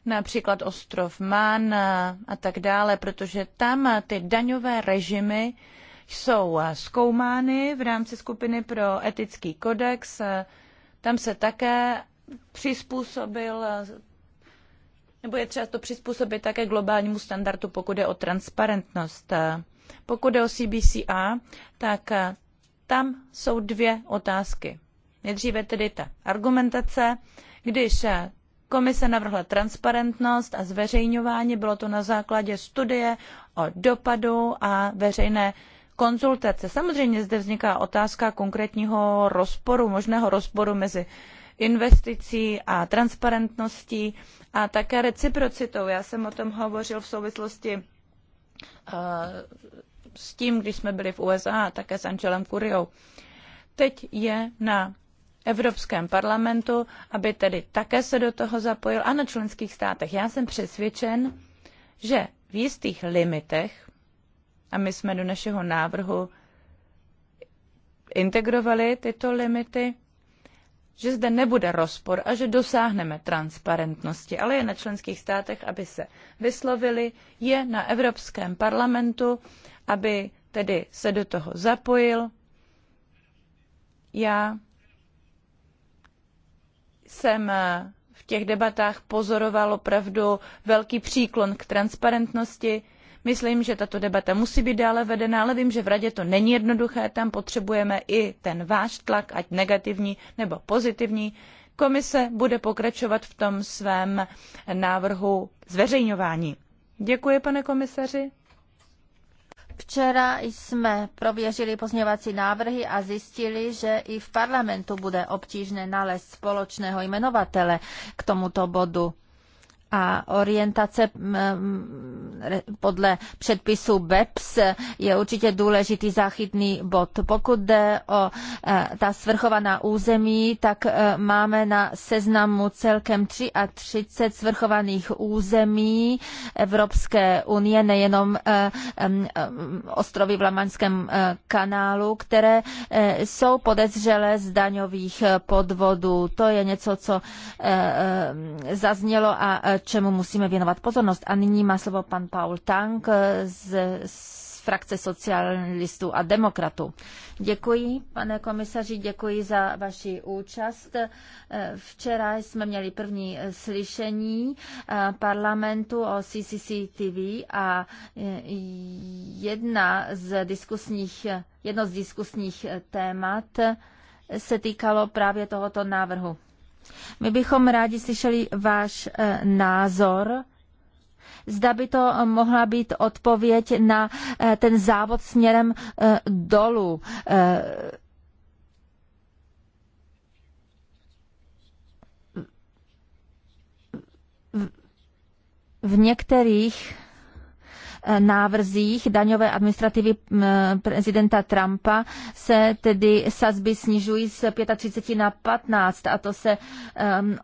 například ostrov Man a tak dále, protože tam ty daňové režimy jsou eh, zkoumány v rámci skupiny pro etický kodex. Eh, tam se také přizpůsobil eh, nebo je třeba to přizpůsobit také globálnímu standardu, pokud je o transparentnost. Pokud je o CBCA, tak tam jsou dvě otázky. Nejdříve tedy ta argumentace, když komise navrhla transparentnost a zveřejňování, bylo to na základě studie o dopadu a veřejné konzultace. Samozřejmě zde vzniká otázka konkrétního rozporu, možného rozporu mezi investicí a transparentností a také reciprocitou. Já jsem o tom hovořil v souvislosti eh, s tím, když jsme byli v USA a také s Angelem Curiou. Teď je na Evropském parlamentu, aby tedy také se do toho zapojil a na členských státech. Já jsem přesvědčen, že v jistých limitech a my jsme do našeho návrhu integrovali tyto limity, že zde nebude rozpor a že dosáhneme transparentnosti, ale je na členských státech, aby se vyslovili, je na Evropském parlamentu, aby tedy se do toho zapojil. Já jsem v těch debatách pozoroval opravdu velký příklon k transparentnosti. Myslím, že tato debata musí být dále vedena, ale vím, že v radě to není jednoduché, tam potřebujeme i ten váš tlak, ať negativní nebo pozitivní. Komise bude pokračovat v tom svém návrhu zveřejňování. Děkuji, pane komisaři. Včera jsme prověřili pozměňovací návrhy a zjistili, že i v parlamentu bude obtížné nalézt společného jmenovatele k tomuto bodu a orientace podle předpisu BEPS je určitě důležitý záchytný bod. Pokud jde o e, ta svrchovaná území, tak e, máme na seznamu celkem 33 svrchovaných území Evropské unie, nejenom e, ostrovy v Lamaňském kanálu, které jsou podezřelé z daňových podvodů. To je něco, co zaznělo a čemu musíme věnovat pozornost. A nyní má slovo pan Paul Tank z, z frakce socialistů a demokratů. Děkuji, pane komisaři, děkuji za vaši účast. Včera jsme měli první slyšení parlamentu o CCCTV a jedna z diskusních, jedno z diskusních témat se týkalo právě tohoto návrhu. My bychom rádi slyšeli váš názor zda by to mohla být odpověď na ten závod směrem dolů. V některých návrzích daňové administrativy prezidenta Trumpa se tedy sazby snižují z 35 na 15 a to se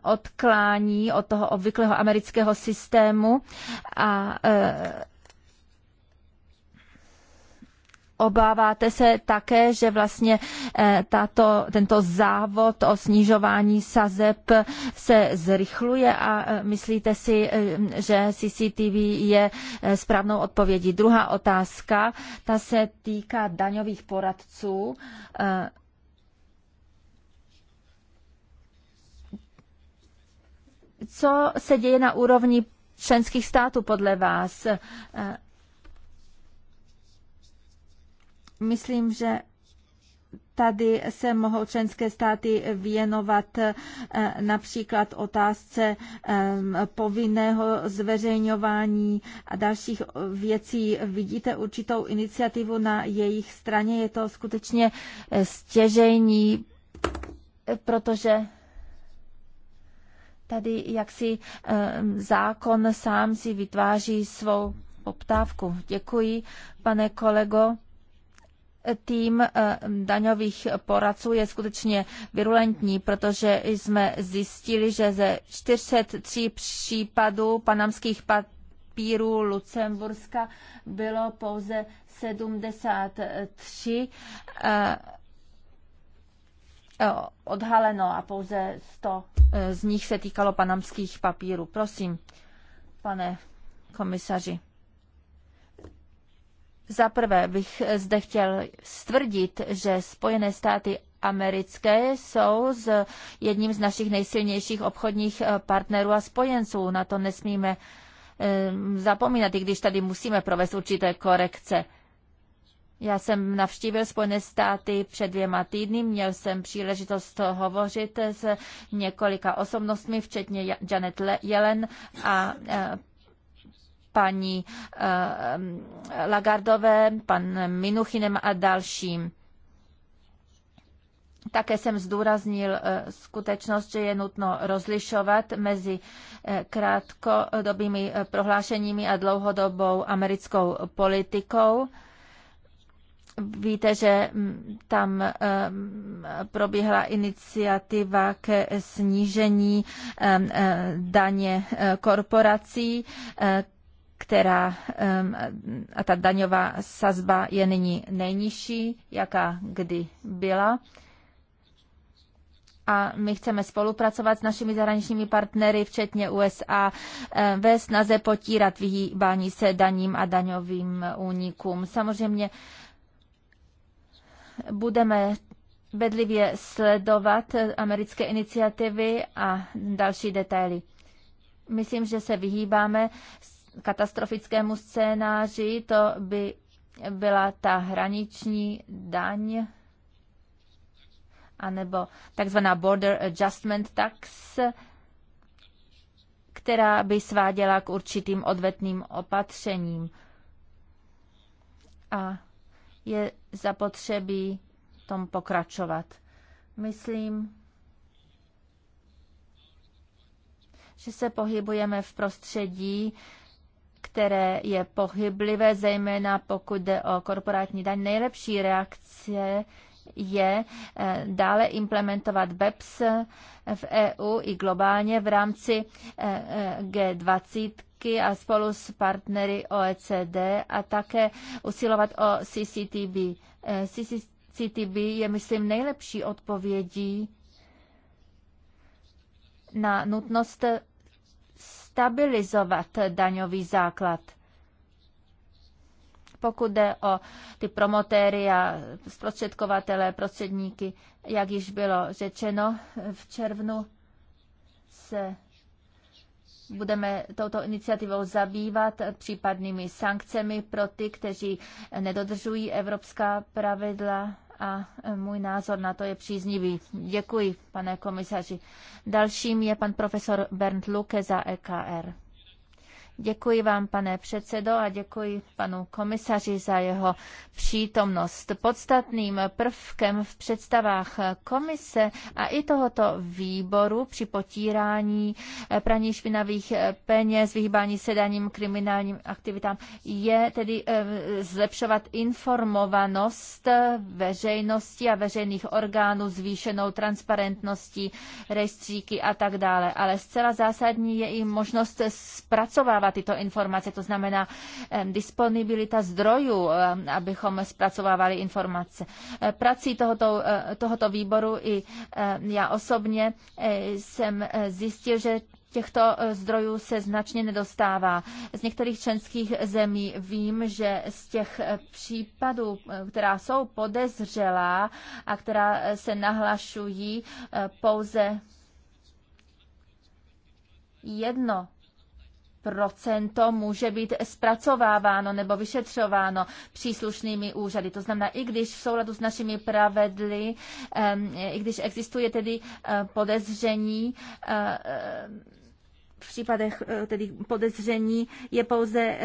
odklání od toho obvyklého amerického systému a e, obáváte se také, že vlastně eh, tato, tento závod o snižování sazeb se zrychluje a eh, myslíte si, eh, že CCTV je správnou odpovědí? Druhá otázka, ta se týká daňových poradců. Co se děje na úrovni členských států podle vás? Myslím, že tady se mohou členské státy věnovat eh, například otázce ehm, povinného zveřejňování a dalších věcí. Vidíte určitou iniciativu na jejich straně? Je to skutečně eh, stěžejní, protože tady jaksi ehm, zákon sám si vytváří svou poptávku. Děkuji, pane kolego tým eh, daňových poradců je skutečně virulentní, protože jsme zjistili, že ze 403 případů panamských papírů Lucemburska bylo pouze 73 eh, eh, odhaleno a pouze 100 z nich se týkalo panamských papírů. Prosím, pane komisaři. Za prvé bych zde chtěl stvrdit, že Spojené státy americké jsou z jedním z našich nejsilnějších obchodních eh, partnerů a spojenců. Na to nesmíme eh, zapomínat, i když tady musíme provést určité korekce. Já jsem navštívil Spojené státy před dvěma týdny, měl jsem příležitost hovořit s několika osobnostmi, včetně Janet Yellen a eh, paní eh, Lagardové, pan Minuchinem a dalším. Také jsem zdůraznil eh, skutečnost, že je nutno rozlišovat mezi eh, krátkodobými prohlášeními a dlouhodobou americkou politikou. Víte, že mm, tam probíhala iniciativa ke snížení daně korporací, která a ta daňová sazba je nyní nejnižší, jaká kdy byla. A my chceme spolupracovat s našimi zahraničními partnery, včetně USA, ve snaze potírat vyhýbání se daním a daňovým únikům. Samozřejmě budeme bedlivě sledovat americké iniciativy a další detaily. Myslím, že se vyhýbáme s katastrofickému scénáři, to by byla ta hraniční daň anebo takzvaná Border Adjustment Tax, která by sváděla k určitým odvetným opatřením. A je zapotřebí tom pokračovat. Myslím, že se pohybujeme v prostředí, které je pohyblivé, zejména pokud jde o korporátní daň. Nejlepší reakce je eh, dále implementovat BEPS eh, v EU i globálně v rámci eh, G20 a spolu s partnery OECD a také usilovat o CCTB. CCTB je, myslím, nejlepší odpovědí na nutnost stabilizovat daňový základ pokud jde o ty promotéry a zprostředkovatele, prostředníky, jak již bylo řečeno, v červnu se budeme touto iniciativou zabývat případnými sankcemi pro ty, kteří nedodržují evropská pravidla a e, můj názor na to je příznivý. Děkuji, pane komisaři. Dalším je pan profesor Bernd Luke za EKR. Děkuji vám, pane předsedo, a děkuji panu komisaři za jeho přítomnost. Podstatným prvkem v představách komise a i tohoto výboru při potírání eh, praní špinavých eh, peněz, vyhýbání se daním kriminálním aktivitám je tedy eh, zlepšovat informovanost veřejnosti a veřejných orgánů zvýšenou transparentností, rejstříky a tak dále. Ale zcela zásadní je i možnost zpracovávat zpracovávat tyto informace, to znamená disponibilita zdrojů, abychom zpracovávali informace. E, prací tohoto, e, tohoto výboru i já osobně e, jsem zjistil, že těchto zdrojů se značně nedostává. Z některých členských zemí vím, že z těch případů, která jsou podezřelá a která se nahlašují, pouze jedno procento může být zpracováváno nebo vyšetřováno příslušnými úřady. To znamená, i když v souladu s našimi pravedly, i když existuje tedy eh, podezření, eh, v případech eh, tedy podezření je pouze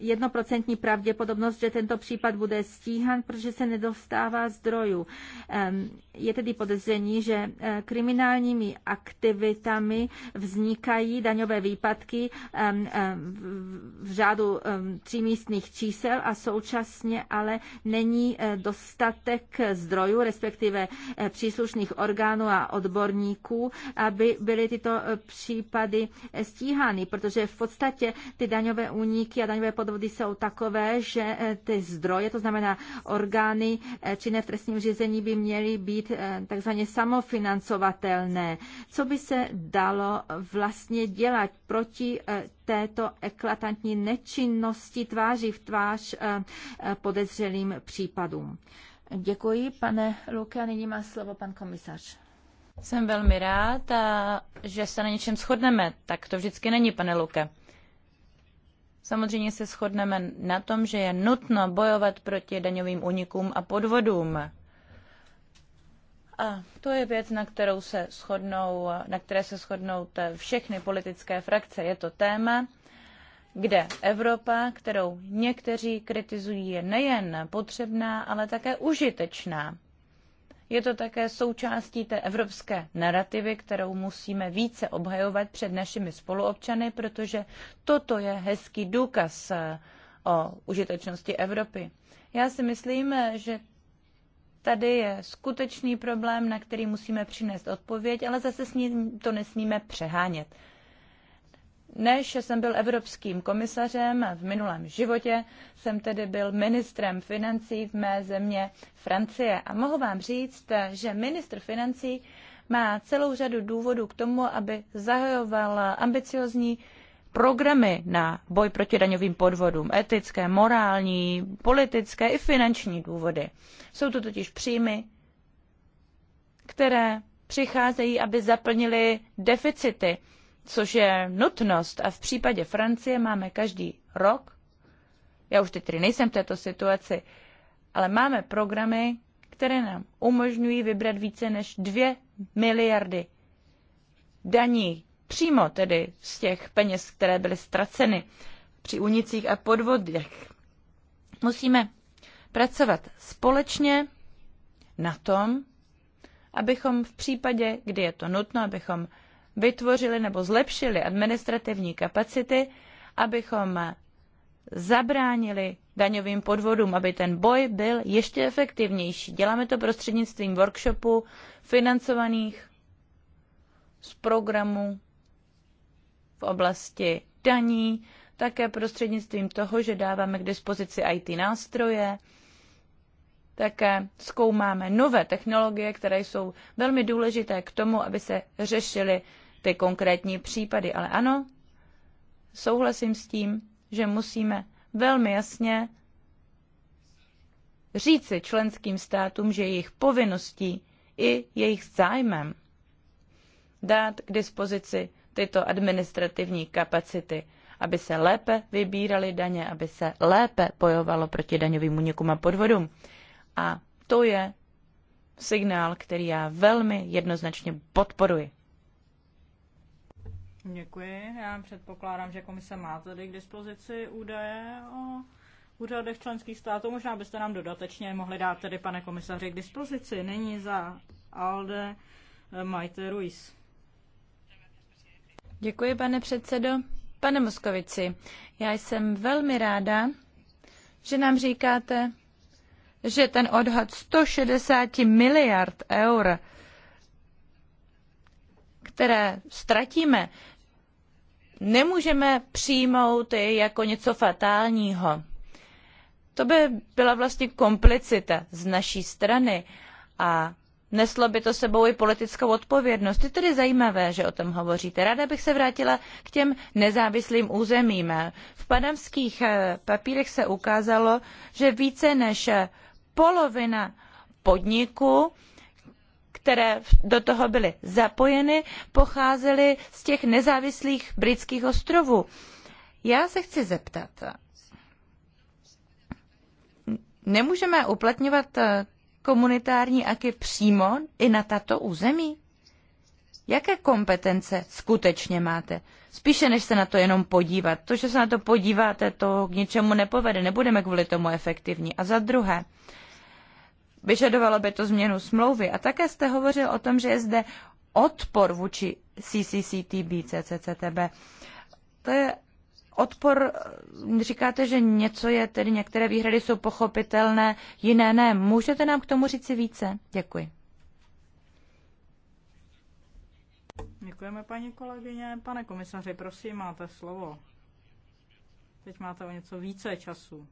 jednoprocentní pravděpodobnost, že tento případ bude stíhan, protože se nedostává zdrojů. Je tedy podezření, že eh, kriminálními aktivitami vznikají daňové výpadky v řádu třímístných čísel a současně ale není eh, dostatek zdrojů, respektive eh, příslušných orgánů a odborníků, aby byly tyto případy stíhány, protože v podstatě ty daňové úniky a daňové podobnosti podvody jsou takové, že eh, ty zdroje, to znamená orgány eh, činné v trestním řízení by měly být eh, takzvaně samofinancovatelné. Co by se dalo vlastně dělat proti této eklatantní nečinnosti tváří v tvář podezřelým případům? Děkuji, pane Luke, a nyní má slovo pan komisař. Jsem velmi rád, že se na něčem shodneme. Tak to vždycky není, pane Luke. Samozřejmě se shodneme na tom, že je nutno bojovat proti daňovým unikům a podvodům. A to je věc, na, kterou se shodnou, na které se shodnou všechny politické frakce. Je to téma, kde Evropa, kterou někteří kritizují, je nejen potřebná, ale také užitečná. Je to také součástí té evropské narrativy, kterou musíme více obhajovat před našimi spoluobčany, protože toto je hezký důkaz eh, o užitečnosti Evropy. Já si myslím, že tady je skutečný problém, na který musíme přinést odpověď, ale zase s ním to nesmíme přehánět. Než jsem byl evropským komisařem v minulém životě, jsem tedy byl ministrem financí v mé země Francie. A mohu vám říct, že ministr financí má celou řadu důvodů k tomu, aby zahajoval ambiciozní programy na boj proti daňovým podvodům, etické, morální, politické i finanční důvody. Jsou to totiž příjmy, které přicházejí, aby zaplnili deficity což je nutnost. A v případě Francie máme každý rok, já už teď tedy nejsem v této situaci, ale máme programy, které nám umožňují vybrat více než 2 miliardy daní, přímo tedy z těch peněz, které byly ztraceny při unicích a podvodech. Musíme pracovat společně na tom, abychom v případě, kdy je to nutno, abychom vytvořili nebo zlepšili administrativní kapacity, abychom zabránili daňovým podvodům, aby ten boj byl ještě efektivnější. Děláme to prostřednictvím workshopů financovaných z programu v oblasti daní, také prostřednictvím toho, že dáváme k dispozici IT nástroje, také zkoumáme nové technologie, které jsou velmi důležité k tomu, aby se řešily ty konkrétní případy. Ale ano, souhlasím s tím, že musíme velmi jasně říci členským státům, že jejich povinností i jejich zájmem dát k dispozici tyto administrativní kapacity, aby se lépe vybíraly daně, aby se lépe bojovalo proti daňovým únikům a podvodům. A to je signál, který já velmi jednoznačně podporuji. Děkuji. Já předpokládám, že komise má tady k dispozici údaje o úřadech členských států. Možná byste nám dodatečně mohli dát tedy, pane komisaři, k dispozici. Není za ALDE eh, Majte Ruiz. Děkuji, pane předsedo. Pane Moskovici, já jsem velmi ráda, že nám říkáte, že ten odhad 160 miliard eur, které ztratíme, nemůžeme přijmout jako něco fatálního. To by byla vlastně komplicita z naší strany a neslo by to sebou i politickou odpovědnost. Je tedy zajímavé, že o tom hovoříte. Ráda bych se vrátila k těm nezávislým územím. V panamských eh, papírech se ukázalo, že více než polovina podniků které do toho byly zapojeny, pocházely z těch nezávislých britských ostrovů. Já se chci zeptat, nemůžeme uplatňovat eh, komunitární aky přímo i na tato území? Jaké kompetence skutečně máte? Spíše než se na to jenom podívat. To, že se na to podíváte, to k ničemu nepovede. Nebudeme kvůli tomu efektivní. A za druhé, Vyžadovalo by to změnu smlouvy. A také jste hovořil o tom, že je zde odpor vůči CCCTB, CCCTB. To je odpor, říkáte, že něco je, tedy některé výhrady jsou pochopitelné, jiné ne. Můžete nám k tomu říci více? Děkuji. Děkujeme, paní kolegyně. Pane komisaři, prosím, máte slovo. Teď máte o něco více času.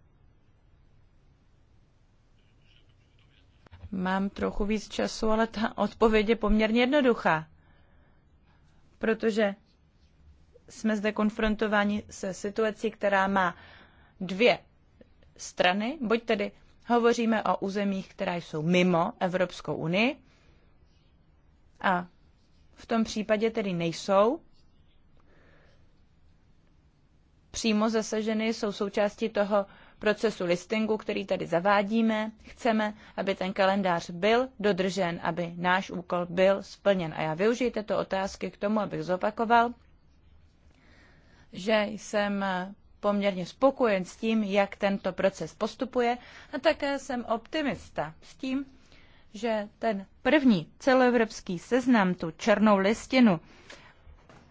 mám trochu víc času, ale ta odpověď je poměrně jednoduchá. Protože jsme zde konfrontováni se situací, která má dvě strany. Buď tedy hovoříme o územích, která jsou mimo Evropskou unii a v tom případě tedy nejsou přímo zasaženy, jsou součástí toho procesu listingu, který tady zavádíme. Chceme, aby ten kalendář byl dodržen, aby náš úkol byl splněn. A já využiji této otázky k tomu, abych zopakoval, že jsem poměrně spokojen s tím, jak tento proces postupuje a také jsem optimista s tím, že ten první celoevropský seznam, tu černou listinu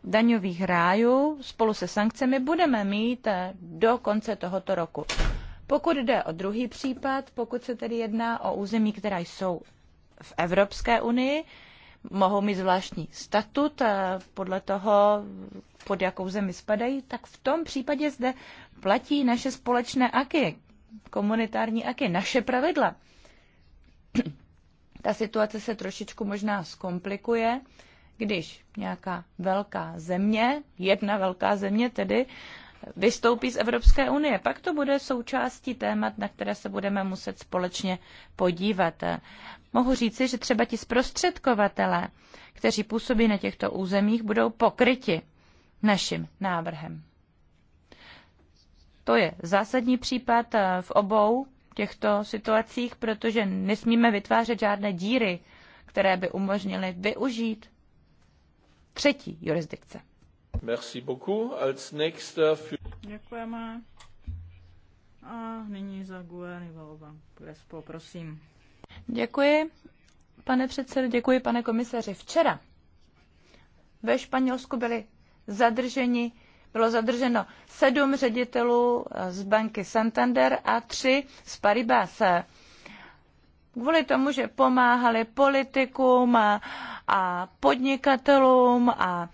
daňových rájů spolu se sankcemi budeme mít do konce tohoto roku. Pokud jde o druhý případ, pokud se tedy jedná o území, která jsou v Evropské unii, mohou mít zvláštní statut podle toho, pod jakou zemi spadají, tak v tom případě zde platí naše společné aky, komunitární aky, naše pravidla. Ta situace se trošičku možná zkomplikuje, když nějaká velká země, jedna velká země tedy, vystoupí z Evropské unie. Pak to bude součástí témat, na které se budeme muset společně podívat. Mohu říci, že třeba ti zprostředkovatele, kteří působí na těchto územích, budou pokryti naším návrhem. To je zásadní případ eh, v obou těchto situacích, protože nesmíme vytvářet žádné díry, které by umožnily využít třetí jurisdikce. Merci beaucoup. Als nächster für... Děkujeme. A nyní za prosím. Děkuji, pane předsedo, děkuji, pane komisaři. Včera ve Španělsku byli zadrženi bylo zadrženo sedm ředitelů eh, z banky Santander a tři z Paribas. Kvůli tomu, že pomáhali politikům a podnikatelům a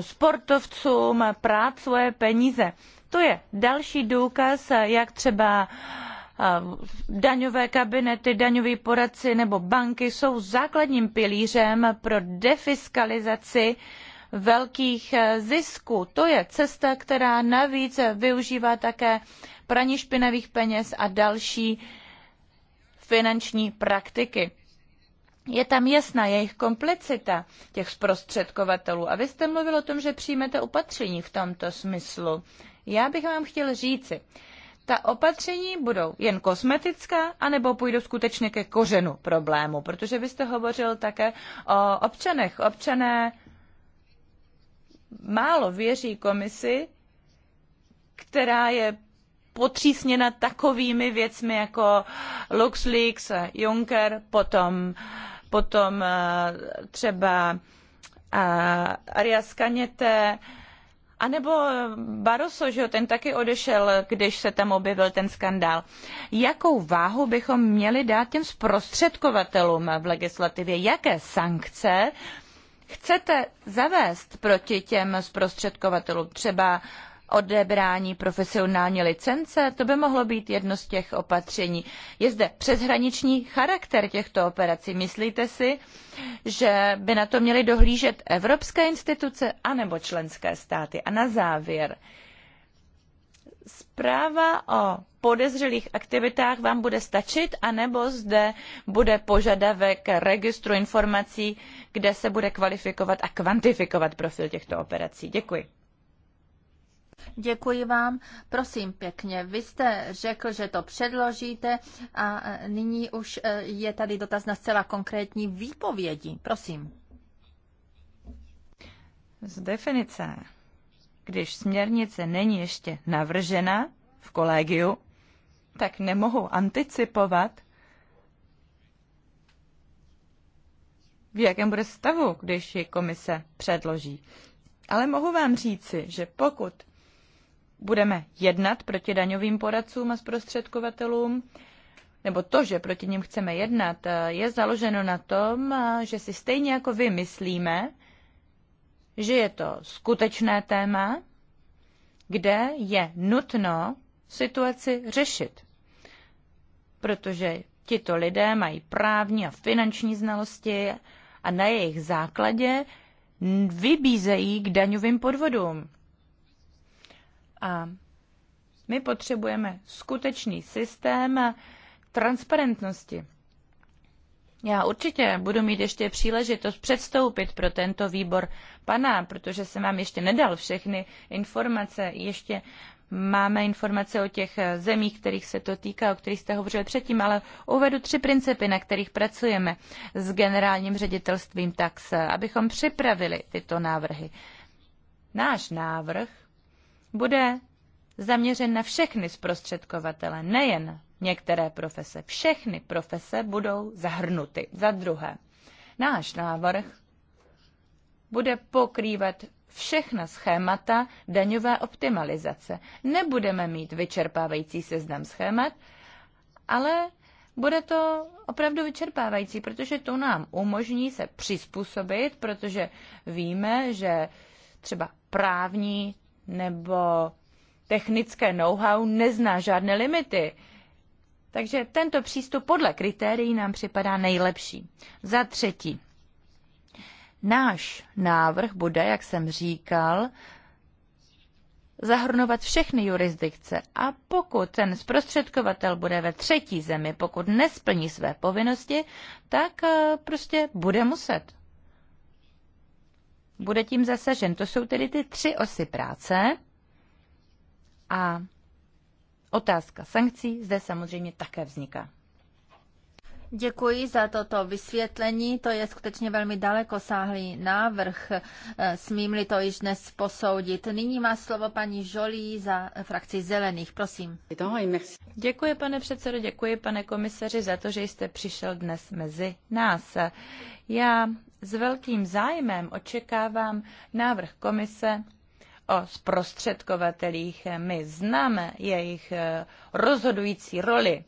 sportovcům prát svoje peníze. To je další důkaz, jak třeba daňové kabinety, daňoví poradci nebo banky jsou základním pilířem pro defiskalizaci velkých e, zisků. To je cesta, která navíc využívá také praní špinavých peněz a další finanční praktiky. Je tam jasná jejich komplicita těch zprostředkovatelů. A vy jste mluvil o tom, že přijmete opatření v tomto smyslu. Já bych vám chtěl říci, ta opatření budou jen kosmetická, anebo půjdou skutečně ke kořenu problému, protože vy jste hovořil také o občanech. Občané málo věří komisi, která je potřísněna takovými věcmi jako LuxLeaks, Juncker, potom uh, potom eh, třeba eh, Arias Kaněte, a nebo eh, Baroso, že jo, ten taky odešel, když se tam objevil ten skandál. Jakou váhu bychom měli dát těm zprostředkovatelům v legislativě? Jaké sankce chcete zavést proti těm zprostředkovatelům? Třeba odebrání profesionální licence, to by mohlo být jedno z těch opatření. Je zde přeshraniční charakter těchto operací. Myslíte si, že by na to měly dohlížet evropské instituce anebo členské státy? A na závěr, zpráva o podezřelých aktivitách vám bude stačit, anebo zde bude požadavek registru informací, kde se bude kvalifikovat a kvantifikovat profil těchto operací. Děkuji. Děkuji vám. Prosím pěkně, vy jste řekl, že to předložíte a e, nyní už e, je tady dotaz na zcela konkrétní výpovědi. Prosím. Z definice, když směrnice není ještě navržena v kolegiu, tak nemohu anticipovat, v jakém bude stavu, když ji komise předloží. Ale mohu vám říci, že pokud budeme jednat proti daňovým poradcům a zprostředkovatelům, nebo to, že proti ním chceme jednat, je založeno na tom, že si stejně jako vy myslíme, že je to skutečné téma, kde je nutno situaci řešit. Protože tito lidé mají právní a finanční znalosti a na jejich základě vybízejí k daňovým podvodům. A my potřebujeme skutečný systém transparentnosti. Já určitě budu mít ještě příležitost předstoupit pro tento výbor pana, protože jsem vám ještě nedal všechny informace. Ještě máme informace o těch zemích, kterých se to týká, o kterých jste hovořil předtím, ale uvedu tři principy, na kterých pracujeme s generálním ředitelstvím tax, abychom připravili tyto návrhy. Náš návrh bude zaměřen na všechny zprostředkovatele, nejen některé profese. Všechny profese budou zahrnuty. Za druhé, náš návrh bude pokrývat všechna schémata daňové optimalizace. Nebudeme mít vyčerpávající seznam schémat, ale bude to opravdu vyčerpávající, protože to nám umožní se přizpůsobit, protože víme, že třeba právní nebo technické know-how nezná žádné limity. Takže tento přístup podle kritérií nám připadá nejlepší. Za třetí, náš návrh bude, jak jsem říkal, zahrnovat všechny jurisdikce a pokud ten zprostředkovatel bude ve třetí zemi, pokud nesplní své povinnosti, tak eh, prostě bude muset bude tím zasažen. To jsou tedy ty tři osy práce a otázka sankcí zde samozřejmě také vzniká. Děkuji za toto vysvětlení. To je skutečně velmi dalekosáhlý návrh. Smím-li to již dnes posoudit. Nyní má slovo paní Žolí za frakci Zelených. Prosím. Děkuji, pane předsedo, děkuji, pane komisaři, za to, že jste přišel dnes mezi nás. Já s velkým zájmem očekávám návrh komise o zprostředkovatelích. My známe jejich eh, rozhodující roli.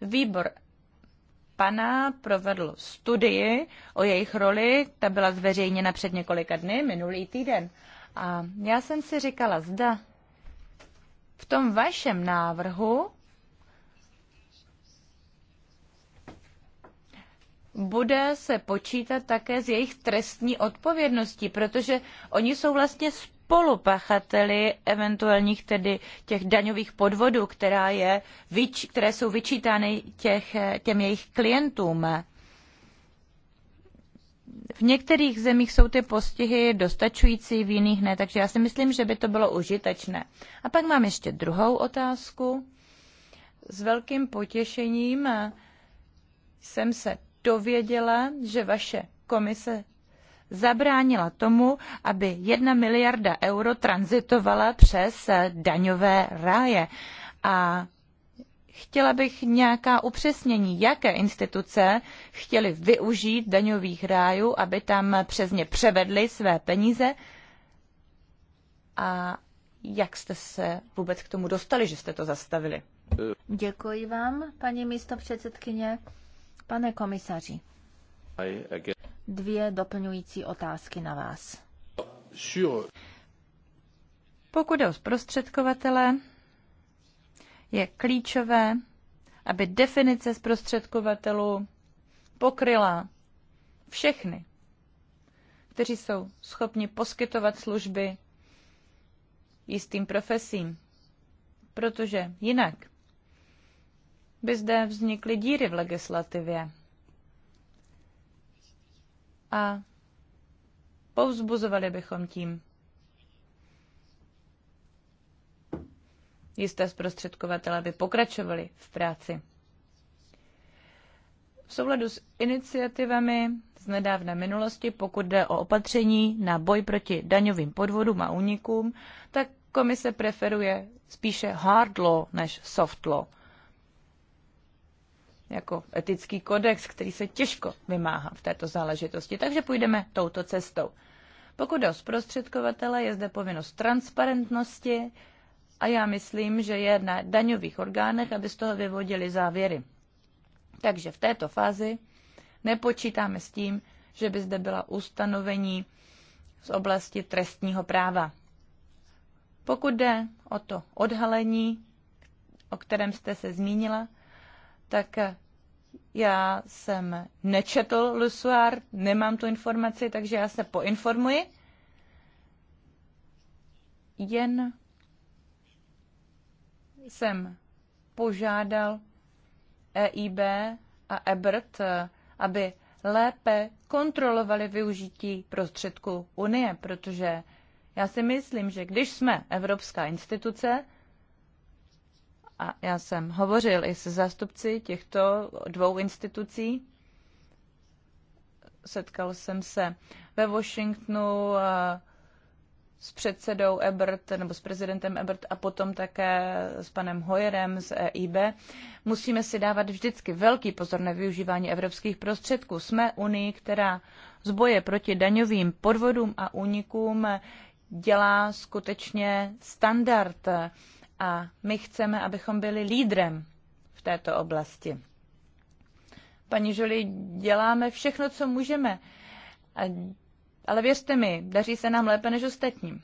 Výbor pana provedl studii o jejich roli, ta byla zveřejněna před několika dny, minulý týden. A já jsem si říkala, zda v tom vašem návrhu bude se počítat také z jejich trestní odpovědnosti, protože oni jsou vlastně spolupachateli eventuálních tedy těch daňových podvodů, která je, které jsou vyčítány těch, těm jejich klientům. V některých zemích jsou ty postihy dostačující, v jiných ne, takže já si myslím, že by to bylo užitečné. A pak mám ještě druhou otázku. S velkým potěšením jsem se dověděla, že vaše komise zabránila tomu, aby jedna miliarda euro transitovala přes eh, daňové ráje. A chtěla bych nějaká upřesnění, jaké instituce chtěly využít daňových rájů, aby tam přesně převedly své peníze a jak jste se vůbec k tomu dostali, že jste to zastavili. Děkuji vám, paní místo předsedkyně. Pane komisaři, dvě doplňující otázky na vás. Pokud je o zprostředkovatele, je klíčové, aby definice zprostředkovatelů pokryla všechny, kteří jsou schopni poskytovat služby jistým profesím, protože jinak by zde vznikly díry v legislativě. A povzbuzovali bychom tím jisté zprostředkovatele, aby pokračovali v práci. V souladu s iniciativami z nedávné minulosti, pokud jde o opatření na boj proti daňovým podvodům a únikům, tak komise preferuje spíše hard law než soft law – jako etický kodex, který se těžko vymáhá v této záležitosti. Takže půjdeme touto cestou. Pokud jde o zprostředkovatele, je zde povinnost transparentnosti a já myslím, že je na daňových orgánech, aby z toho vyvodili závěry. Takže v této fázi nepočítáme s tím, že by zde byla ustanovení z oblasti trestního práva. Pokud jde o to odhalení, o kterém jste se zmínila, tak já jsem nečetl Lusuar, nemám tu informaci, takže já se poinformuji. Jen jsem požádal EIB a EBRT, aby lépe kontrolovali využití prostředků Unie, protože já si myslím, že když jsme evropská instituce, a já jsem hovořil i se zástupci těchto dvou institucí. Setkal jsem se ve Washingtonu eh, s předsedou Ebert nebo s prezidentem Ebert a potom také s panem Hoyerem z EIB. Musíme si dávat vždycky velký pozor na využívání evropských prostředků. Jsme Unii, která z boje proti daňovým podvodům a únikům dělá skutečně standard a my chceme, abychom byli lídrem v této oblasti. Paní Žoli, děláme všechno, co můžeme, ale věřte mi, daří se nám lépe než ostatním.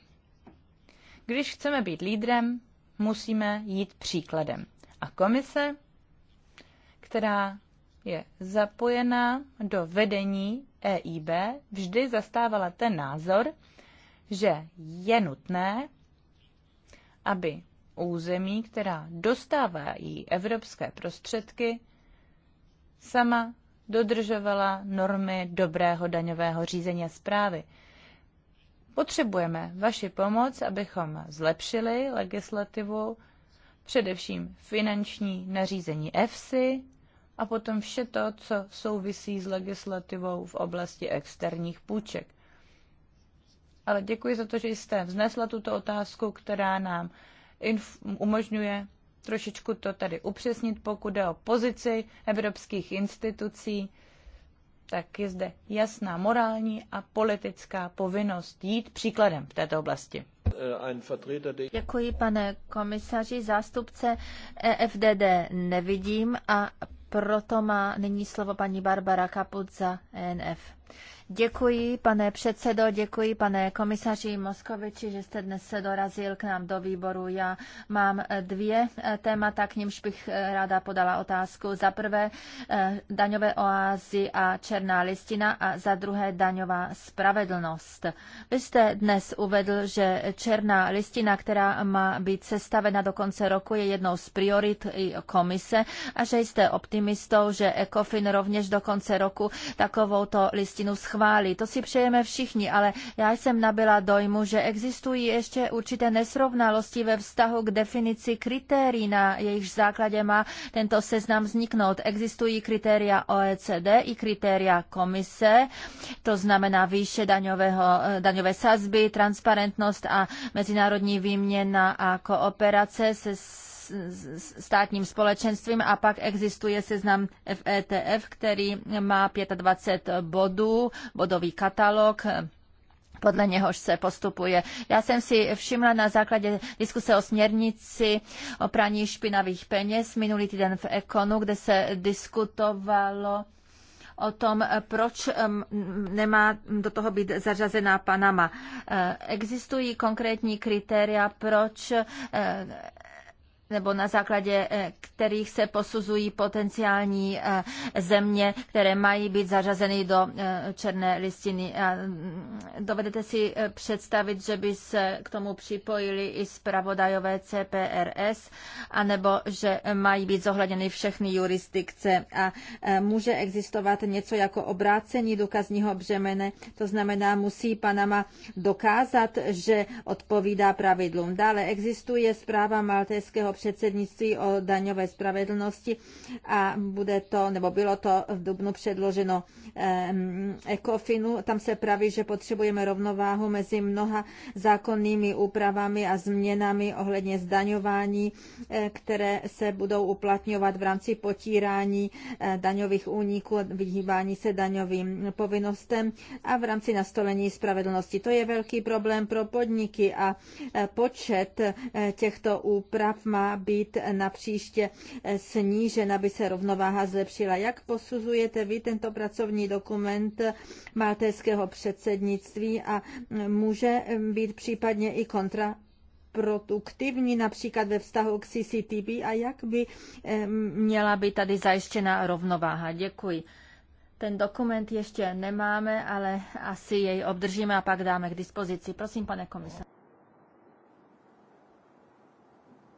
Když chceme být lídrem, musíme jít příkladem. A komise, která je zapojená do vedení EIB, vždy zastávala ten názor, že je nutné, aby území, která dostává jí evropské prostředky, sama dodržovala normy dobrého daňového řízení a zprávy. Potřebujeme vaši pomoc, abychom zlepšili legislativu, především finanční nařízení EFSI a potom vše to, co souvisí s legislativou v oblasti externích půjček. Ale děkuji za to, že jste vznesla tuto otázku, která nám umožňuje trošičku to tady upřesnit, pokud jde o pozici evropských institucí, tak je zde jasná morální a politická povinnost jít příkladem v této oblasti. Děkuji, pane komisaři. Zástupce EFDD nevidím a proto má nyní slovo paní Barbara Kaput za ENF. Děkuji, pane předsedo, děkuji, pane komisaři Moskoviči, že jste dnes se dorazil k nám do výboru. Já mám eh, dvě eh, témata, k nímž bych eh, ráda podala otázku. Za prvé daňové oázy a černá listina a za druhé daňová spravedlnost. Vy jste dnes uvedl, že černá listina, která má být sestavena do konce roku, je jednou z priorit i komise a že jste optimistou, že ECOFIN rovněž do konce roku takovouto listinu schválí chválí. To si přejeme všichni, ale já jsem nabila dojmu, že existují ještě určité nesrovnalosti ve vztahu k definici kritérií, na jejichž základě má tento seznam vzniknout. Existují kritéria OECD i kritéria komise, to znamená výše daňového, eh, daňové sazby, transparentnost a mezinárodní výměna a kooperace se státním společenstvím a pak existuje seznam FETF, e který má 25 bodů, bodový katalog, podle něhož se postupuje. Já jsem si všimla na základě diskuse o směrnici o praní špinavých peněz minulý týden v Ekonu, kde se diskutovalo o tom, proč nemá do toho být zařazená Panama. Existují konkrétní kritéria, proč eh, nebo na základě eh, kterých se posuzují potenciální eh, země, které mají být zařazeny do eh, černé listiny. A mm, dovedete si představit, že by se k tomu připojili i zpravodajové CPRS, anebo že mají být zohledněny všechny jurisdikce a může existovat něco jako obrácení důkazního břemene, to znamená, musí Panama dokázat, že odpovídá pravidlům. Dále existuje zpráva maltéského předsednictví o daňové spravedlnosti a bude to, nebo bylo to v Dubnu předloženo ECOFINu. Tam se praví, že potřebujeme rovnováhu mezi mnoha zákonnými úpravami a změnami ohledně zdaňování, eh, které se budou uplatňovat v rámci potírání eh, daňových úniků, vyhýbání se daňovým povinnostem a v rámci nastolení spravedlnosti. To je velký problém pro podniky a eh, počet těchto úprav má být na příště eh, snížen, aby se rovnováha zlepšila. Jak posuzujete vy tento pracovní dokument maltéského předsednictví a mm, může mm, být případně i kontra produktivní, například ve vztahu k CCTV a jak by eh, měla být tady zajištěna rovnováha. Děkuji. Ten dokument ještě nemáme, ale asi jej obdržíme a pak dáme k dispozici. Prosím, pane komisaři.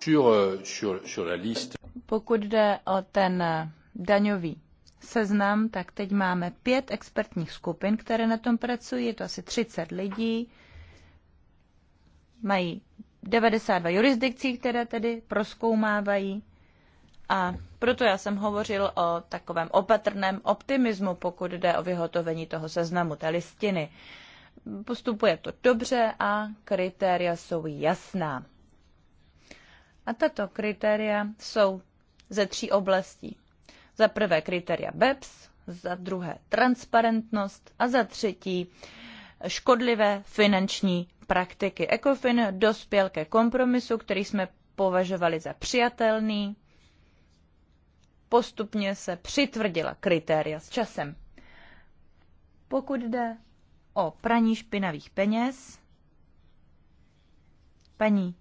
Euh, pokud jde o ten eh, daňový seznam, tak teď máme pět expertních skupin, které na tom pracují, je to asi 30 lidí, mají 92 jurisdikcí, které tedy proskoumávají. A proto já jsem hovořil o takovém opatrném optimismu, pokud jde o vyhotovení toho seznamu, té listiny. Postupuje to dobře a kritéria jsou jasná. A tato kritéria jsou ze tří oblastí. Za prvé kritéria BEPS, za druhé transparentnost a za třetí škodlivé finanční praktiky. ECOFIN dospěl ke kompromisu, který jsme považovali za přijatelný. Postupně se přitvrdila kritéria s časem. Pokud jde o praní špinavých peněz, paní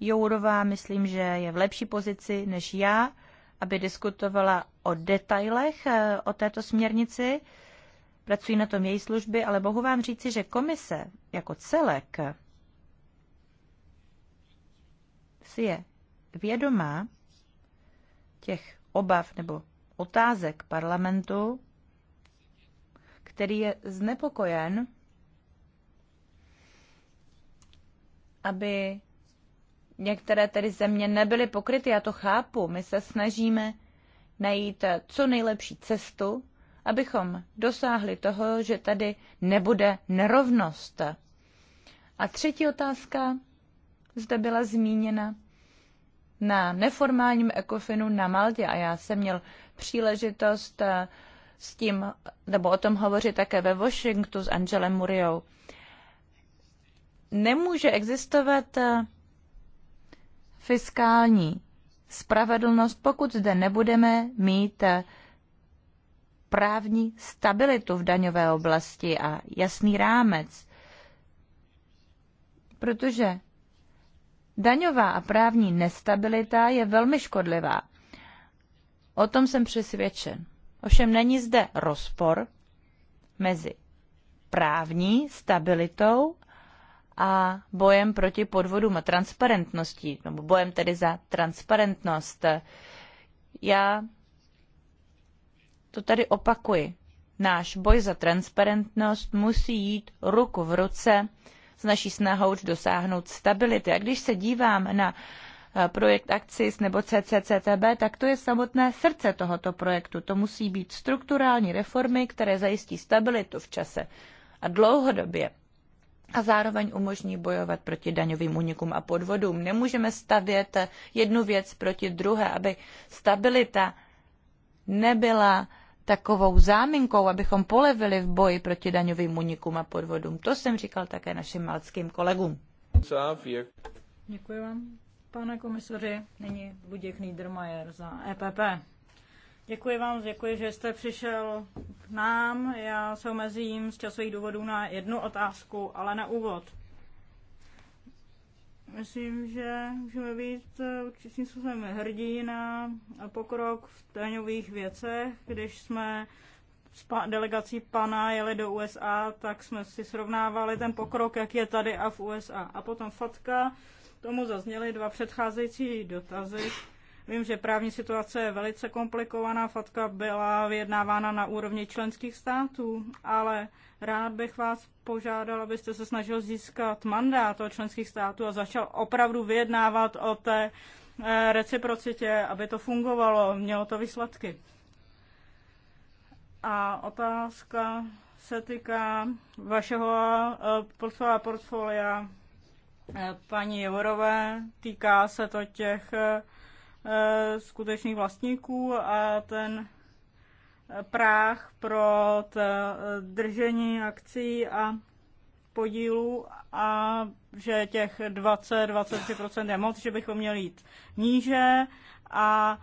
Jourová, myslím, že je v lepší pozici než já, aby diskutovala o detailech eh, o této směrnici. Pracují na tom její služby, ale mohu vám říci, že komise jako celek si je vědomá těch obav nebo otázek parlamentu, který je znepokojen, aby Některé tedy země nebyly pokryty, já to chápu. My se snažíme najít co nejlepší cestu, abychom dosáhli toho, že tady nebude nerovnost. A třetí otázka zde byla zmíněna na neformálním ekofinu na Maltě a já jsem měl příležitost eh, s tím, nebo o tom hovořit také ve Washingtonu s Angelem Muriou. Nemůže existovat eh, fiskální spravedlnost, pokud zde nebudeme mít eh, právní stabilitu v daňové oblasti a jasný rámec. Protože daňová a právní nestabilita je velmi škodlivá. O tom jsem přesvědčen. Ovšem není zde rozpor mezi právní stabilitou a bojem proti podvodům a transparentností, nebo bojem tedy za transparentnost. Já to tady opakuji. Náš boj za transparentnost musí jít ruku v ruce s naší snahou dosáhnout stability. A když se dívám na eh, projekt AKCIS nebo CCCTB, tak to je samotné srdce tohoto projektu. To musí být strukturální reformy, které zajistí stabilitu v čase a dlouhodobě a zároveň umožní bojovat proti daňovým únikům a podvodům. Nemůžeme stavět jednu věc proti druhé, aby stabilita nebyla takovou záminkou, abychom polevili v boji proti daňovým únikům a podvodům. To jsem říkal také našim malckým kolegům. Děkuji vám, pane komisaři. Není Luděk Niedermayer za EPP. Děkuji vám, děkuji, že jste přišel k nám. Já se omezím z časových důvodů na jednu otázku, ale na úvod. Myslím, že můžeme být eh, určitým způsobem hrdí na pokrok v téňových věcech. Když jsme s delegací pana jeli do USA, tak jsme si srovnávali ten pokrok, jak je tady a v USA. A potom fatka, tomu zazněly dva předcházející dotazy, Vím, že právní situace je velice komplikovaná, FATKA byla vyjednávána na úrovni členských států, ale rád bych vás požádal, abyste se snažil získat mandát od členských států a začal opravdu vyjednávat o té eh, reciprocitě, aby to fungovalo, mělo to výsledky. A otázka se týká vašeho eh, portfolia, portfolia eh, paní Jevorové. Týká se to těch Eh, skutečných vlastníků a ten eh, práh pro eh, držení akcí a podílů a že těch 20-23% je moc, že bychom měli jít níže a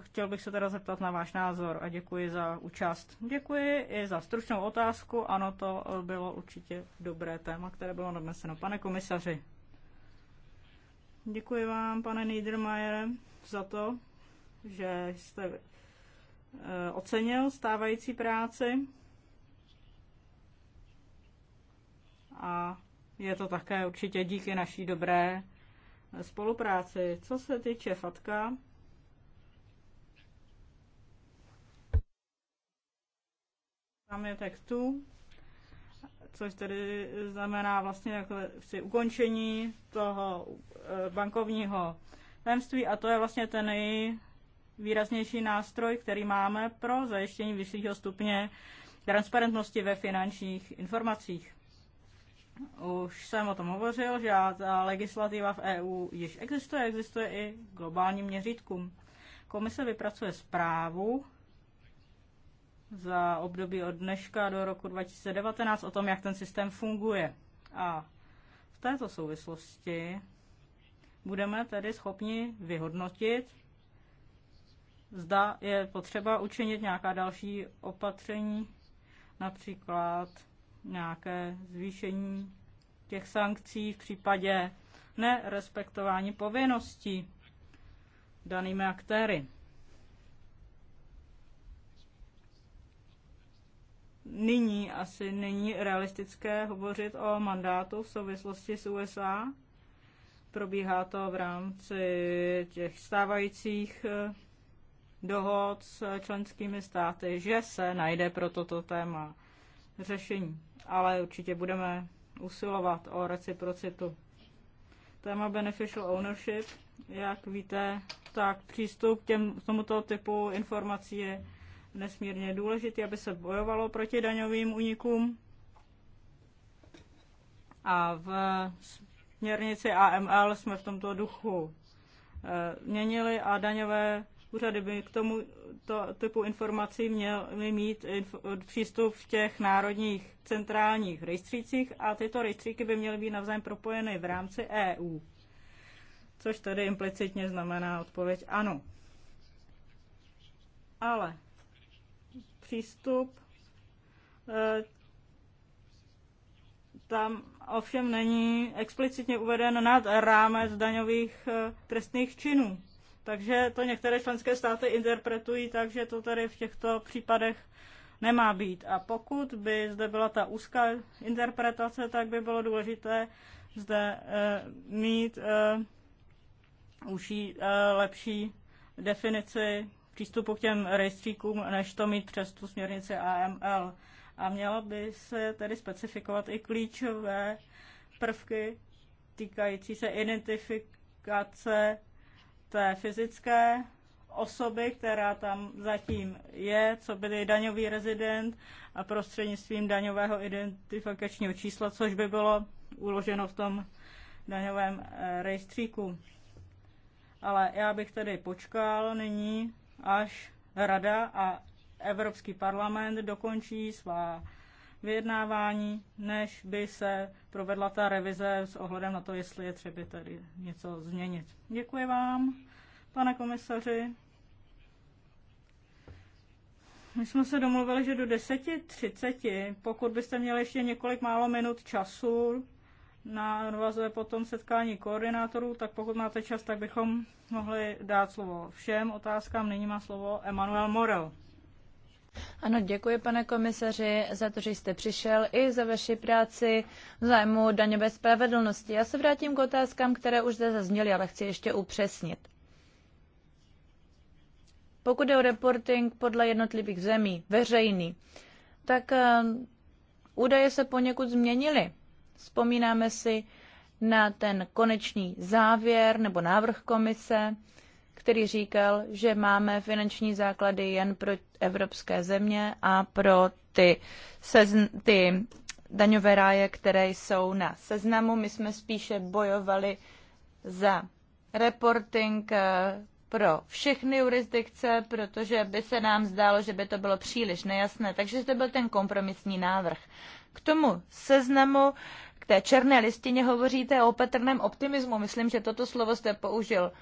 Chtěl bych se teda zeptat na váš názor a děkuji za účast. Děkuji i za stručnou otázku. Ano, to bylo určitě dobré téma, které bylo nadneseno. Pane komisaři. Děkuji vám, pane Niedermayere za to, že jste eh, ocenil stávající práci a je to také určitě díky naší dobré spolupráci. Co se týče FATKA, tam je textu, což tedy znamená vlastně jaksi ukončení toho eh, bankovního tajemství a to je vlastně ten nejvýraznější nástroj, který máme pro zajištění vyššího stupně transparentnosti ve finančních informacích. Už jsem o tom hovořil, že ta legislativa v EU již existuje, existuje i globálním měřítkům. Komise vypracuje zprávu za období od dneška do roku 2019 o tom, jak ten systém funguje. A v této souvislosti budeme tedy schopni vyhodnotit, zda je potřeba učinit nějaká další opatření, například nějaké zvýšení těch sankcí v případě nerespektování povinností danými aktéry. Nyní asi není realistické hovořit o mandátu v souvislosti s USA, Probíhá to v rámci těch stávajících eh, dohod s členskými státy, že se najde pro toto téma řešení. Ale určitě budeme usilovat o reciprocitu. Téma beneficial ownership, jak víte, tak přístup k, těm, tomuto typu informací je nesmírně důležitý, aby se bojovalo proti daňovým unikům A v směrnici AML jsme v tomto duchu eh, měnili a daňové úřady by k tomu to, typu informací měly mít inf, přístup v těch národních centrálních rejstřících a tyto rejstříky by měly být navzájem propojeny v rámci EU. Což tedy implicitně znamená odpověď ano. Ale přístup eh, tam ovšem není explicitně uveden nad rámec daňových eh, trestných činů. Takže to některé členské státy interpretují tak, že to tady v těchto případech nemá být. A pokud by zde byla ta úzká interpretace, tak by bylo důležité zde e, mít e, eh, uší, e, lepší definici přístupu k těm rejstříkům, než to mít přes tu směrnici AML a měla by se tedy specifikovat i klíčové prvky týkající se identifikace té fyzické osoby, která tam zatím je, co by daňový rezident a prostřednictvím daňového identifikačního čísla, což by bylo uloženo v tom daňovém eh, rejstříku. Ale já bych tedy počkal nyní, až rada a Evropský parlament dokončí svá vyjednávání, než by se provedla ta revize s ohledem na to, jestli je třeba tady něco změnit. Děkuji vám, pane komisaři. My jsme se domluvili, že do 10.30, pokud byste měli ještě několik málo minut času na rozvoje potom setkání koordinátorů, tak pokud máte čas, tak bychom mohli dát slovo všem otázkám. Nyní má slovo Emanuel Morel. Ano, děkuji, pane komisaři, za to, že jste přišel i za vaši práci v zájmu daňové spravedlnosti. Já se vrátím k otázkám, které už zde zazněly, ale chci ještě upřesnit. Pokud je o reporting podle jednotlivých zemí, veřejný, tak eh, údaje se poněkud změnily. Vzpomínáme si na ten konečný závěr nebo návrh komise, který říkal, že máme finanční základy jen pro evropské země a pro ty, sezn- ty daňové ráje, které jsou na seznamu. My jsme spíše bojovali za reporting eh, pro všechny jurisdikce, protože by se nám zdálo, že by to bylo příliš nejasné. Takže to byl ten kompromisní návrh. K tomu seznamu, k té černé listině hovoříte o opatrném optimismu. Myslím, že toto slovo jste použil. Uh,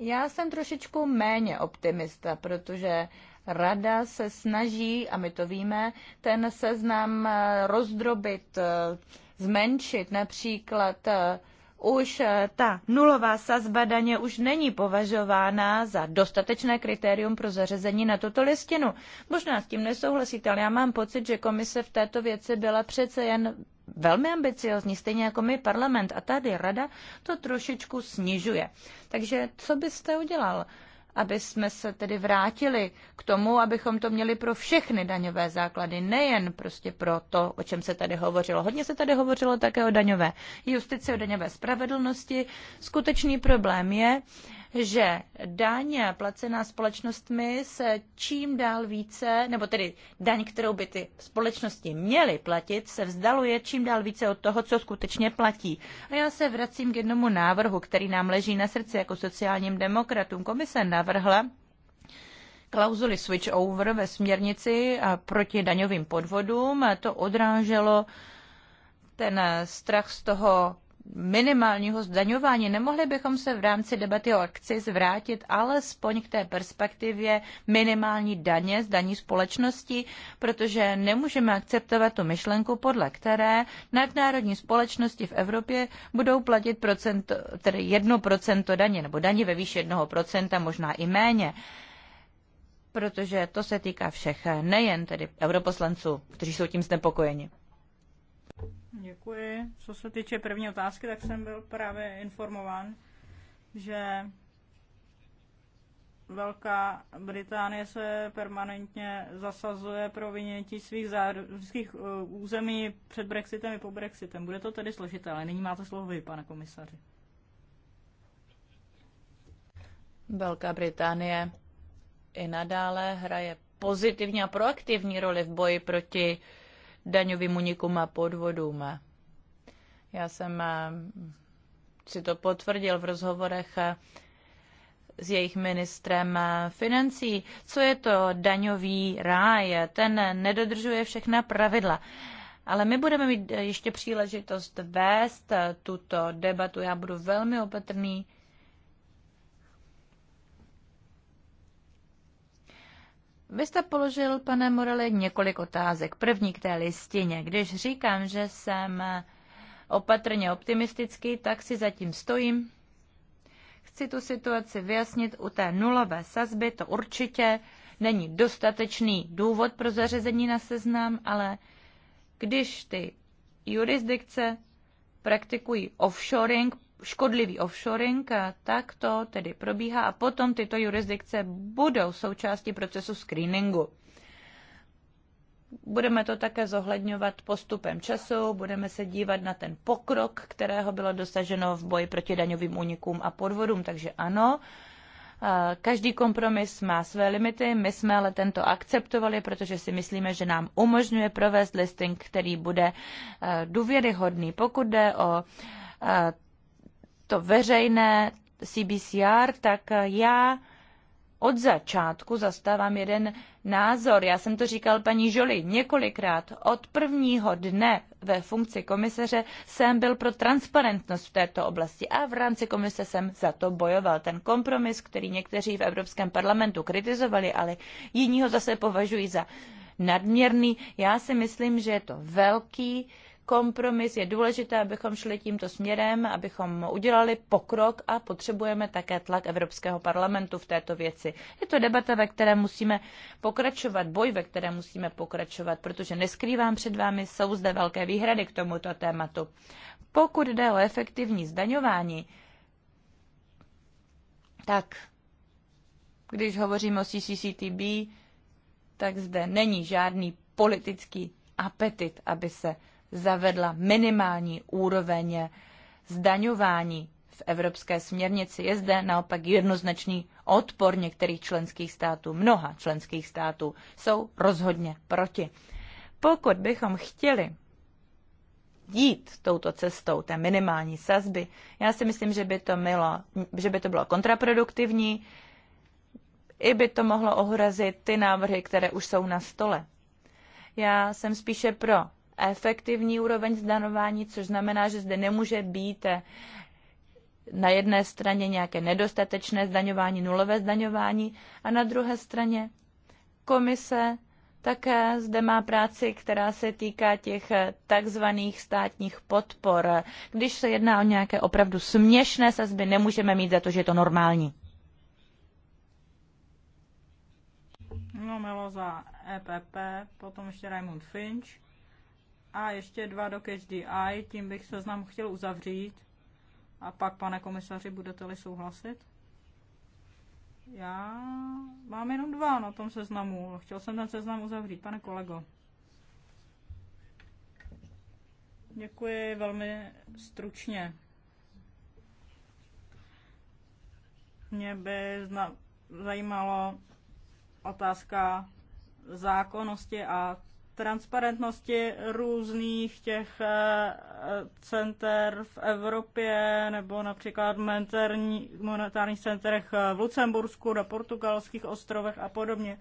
já jsem trošičku méně optimista, protože rada se snaží, a my to víme, ten seznam eh, rozdrobit, eh, zmenšit například eh, už ta nulová sazba daně už není považována za dostatečné kritérium pro zařazení na tuto listinu. Možná s tím nesouhlasíte, ale já mám pocit, že komise v této věci byla přece jen velmi ambiciozní, stejně jako my parlament a tady rada to trošičku snižuje. Takže co byste udělal, aby jsme se tedy vrátili k tomu, abychom to měli pro všechny daňové základy, nejen prostě pro to, o čem se tady hovořilo. Hodně se tady hovořilo také o daňové justici, o daňové spravedlnosti. Skutečný problém je, že daň placená společnostmi se čím dál více, nebo tedy daň, kterou by ty společnosti měly platit, se vzdaluje čím dál více od toho, co skutečně platí. A já se vracím k jednomu návrhu, který nám leží na srdci jako sociálním demokratům. Komise navrhla, klauzuly switch over ve směrnici proti daňovým podvodům. To odráželo ten strach z toho minimálního zdaňování. Nemohli bychom se v rámci debaty o akci zvrátit alespoň k té perspektivě minimální daně zdaní společnosti, protože nemůžeme akceptovat tu myšlenku, podle které nadnárodní společnosti v Evropě budou platit procento, tedy 1% daně nebo daně ve výši 1%, možná i méně protože to se týká všech, nejen tedy europoslanců, kteří jsou tím znepokojeni. Děkuji. Co se týče první otázky, tak jsem byl právě informován, že Velká Británie se permanentně zasazuje pro vynětí svých zárodských eh, území před Brexitem i po Brexitem. Bude to tedy složité, ale nyní máte slovo vy, pane komisaři. Velká Británie i nadále hraje pozitivní a proaktivní roli v boji proti uh, daňovým unikům a podvodům. Já jsem eh, si to potvrdil v rozhovorech eh, s jejich ministrem eh, financí. Co je to daňový ráj? Ten nedodržuje všechna pravidla. Ale my budeme mít ještě příležitost vést tuto debatu. Já budu velmi opatrný Vy jste položil, pane Morele, několik otázek. První k té listině. Když říkám, že jsem opatrně optimistický, tak si zatím stojím. Chci tu situaci vyjasnit u té nulové sazby, to určitě není dostatečný důvod pro zařazení na seznam, ale když ty jurisdikce praktikují offshoring, škodlivý offshoring, tak to tedy probíhá a potom tyto jurisdikce budou součástí procesu screeningu. Budeme to také zohledňovat postupem času, budeme se dívat na ten pokrok, kterého bylo dosaženo v boji proti daňovým únikům a podvodům, takže ano. Každý kompromis má své limity, my jsme ale tento akceptovali, protože si myslíme, že nám umožňuje provést listing, který bude eh, důvěryhodný. Pokud jde o eh, to veřejné CBCR, tak já od začátku zastávám jeden názor. Já jsem to říkal paní Žoli několikrát. Od prvního dne ve funkci komiseře jsem byl pro transparentnost v této oblasti a v rámci komise jsem za to bojoval. Ten kompromis, který někteří v Evropském parlamentu kritizovali, ale jiní ho zase považují za nadměrný, já si myslím, že je to velký kompromis. Je důležité, abychom šli tímto směrem, abychom udělali pokrok a potřebujeme také tlak Evropského parlamentu v této věci. Je to debata, ve které musíme pokračovat, boj, ve které musíme pokračovat, protože neskrývám před vámi, jsou zde velké výhrady k tomuto tématu. Pokud jde o efektivní zdaňování, tak když hovoříme o CCCTB, tak zde není žádný politický apetit, aby se zavedla minimální úroveň zdaňování v evropské směrnici. Je zde naopak jednoznačný odpor některých členských států, mnoha členských států jsou rozhodně proti. Pokud bychom chtěli jít touto cestou té minimální sazby, já si myslím, že by to, milo, že by to bylo kontraproduktivní, i by to mohlo ohrazit ty návrhy, které už jsou na stole. Já jsem spíše pro efektivní úroveň zdanování, což znamená, že zde nemůže být eh, na jedné straně nějaké nedostatečné zdaňování, nulové zdaňování a na druhé straně komise také zde má práci, která se týká těch eh, takzvaných státních podpor. Když se jedná o nějaké opravdu směšné sazby, nemůžeme mít za to, že je to normální. No, Milo za EPP, potom ještě Raymond Finch a ještě dva do CatchDI, tím bych seznam chtěl uzavřít. A pak, pane komisaři, budete-li souhlasit? Já mám jenom dva na tom seznamu. Chtěl jsem ten seznam uzavřít, pane kolego. Děkuji velmi stručně. Mě by zajímalo otázka zákonnosti a transparentnosti různých těch eh, center v Evropě nebo například monetární, monetárních centrech eh, v Lucembursku, na portugalských ostrovech a podobně.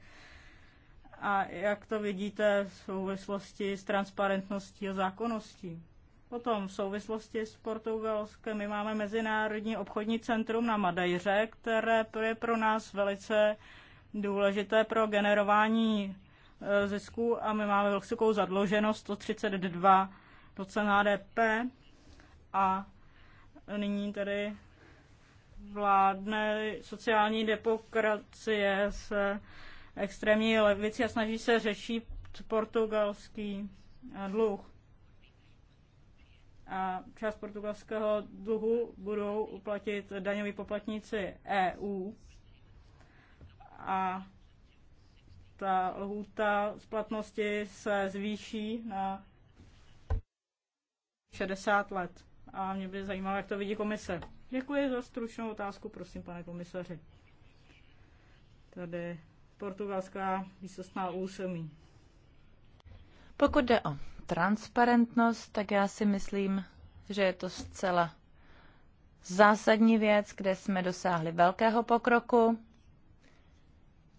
A jak to vidíte v souvislosti s transparentností a zákonností? Potom v souvislosti s Portugalskem my máme Mezinárodní obchodní centrum na Madejře, které je pro nás velice důležité pro generování Eh, zisku a my máme vysokou zadloženost 132 procent HDP a nyní tedy vládne sociální demokracie s extrémní levici a snaží se řešit portugalský eh, dluh. A část portugalského dluhu budou uplatit daňoví poplatníci EU. A ta lhůta splatnosti se zvýší na 60 let. A mě by zajímalo, jak to vidí komise. Děkuji za stručnou otázku, prosím, pane komisaři. Tady portugalská výsostná úsemí. Pokud jde o transparentnost, tak já si myslím, že je to zcela zásadní věc, kde jsme dosáhli velkého pokroku.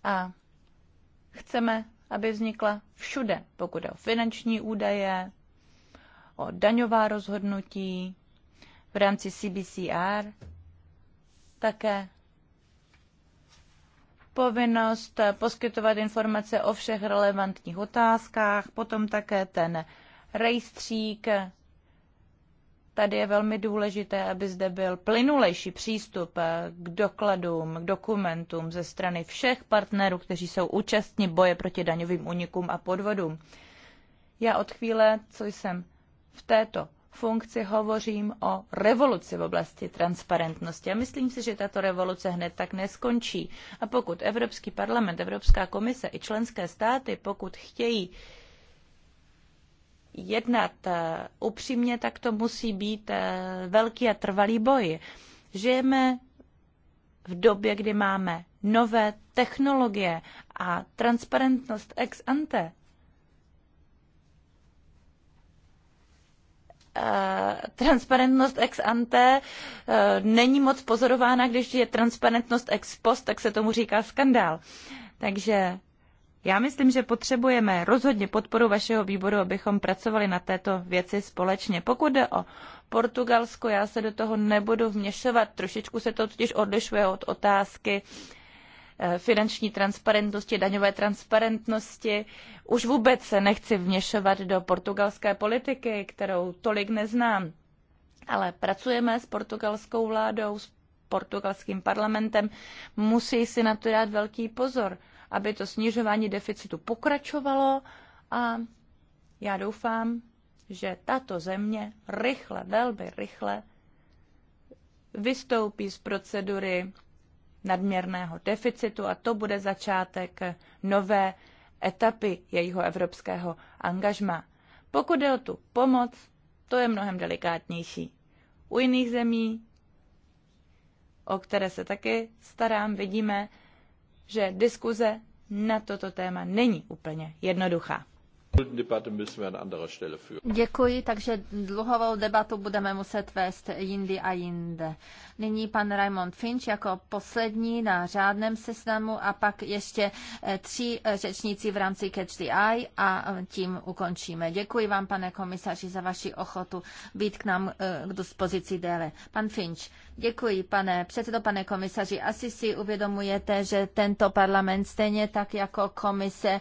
A chceme, aby vznikla všude, pokud je o finanční údaje, o daňová rozhodnutí, v rámci CBCR, také povinnost poskytovat informace o všech relevantních otázkách, potom také ten rejstřík tady je velmi důležité, aby zde byl plynulejší přístup k dokladům, k dokumentům ze strany všech partnerů, kteří jsou účastní boje proti daňovým unikům a podvodům. Já od chvíle, co jsem v této funkci, hovořím o revoluci v oblasti transparentnosti. A myslím si, že tato revoluce hned tak neskončí. A pokud Evropský parlament, Evropská komise i členské státy, pokud chtějí jednat eh, upřímně, tak to musí být eh, velký a trvalý boj. Žijeme v době, kdy máme nové technologie a transparentnost ex ante eh, transparentnost ex ante není moc pozorována, když je transparentnost ex post, tak se tomu říká skandál. Takže já myslím, že potřebujeme rozhodně podporu vašeho výboru, abychom pracovali na této věci společně. Pokud jde o Portugalsko, já se do toho nebudu vměšovat. Trošičku se to totiž odlišuje od otázky eh, finanční transparentnosti, daňové transparentnosti. Už vůbec se nechci vměšovat do portugalské politiky, kterou tolik neznám. Ale pracujeme s portugalskou vládou, s portugalským parlamentem. Musí si na to dát velký pozor aby to snižování deficitu pokračovalo a já doufám, že tato země rychle, velmi rychle vystoupí z procedury nadměrného deficitu a to bude začátek nové etapy jejího evropského angažma. Pokud jde o tu pomoc, to je mnohem delikátnější. U jiných zemí, o které se taky starám, vidíme, že diskuze na toto téma není úplně jednoduchá. Děkuji, takže dlouhovou debatu budeme muset vést jindy a jinde. Nyní pan Raymond Finch jako poslední na řádném seznamu a pak ještě eh, tři eh, řečníci v rámci Catch the Eye a eh, tím ukončíme. Děkuji vám, pane komisaři, za vaši ochotu být k nám k dispozici déle. Pan Finch, děkuji, pane předsedo, pane komisaři. Asi si uvědomujete, že tento parlament stejně tak jako komise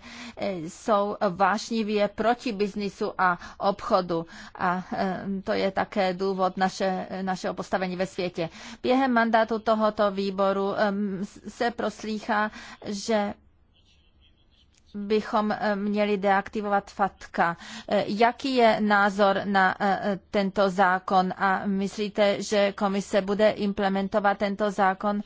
jsou vášní je proti biznisu a obchodu. A to je také důvod naše, našeho postavení ve světě. Během mandátu tohoto výboru se proslýchá, že bychom měli deaktivovat FATKA. E, jaký je názor na e, tento zákon a myslíte, že komise bude implementovat tento zákon?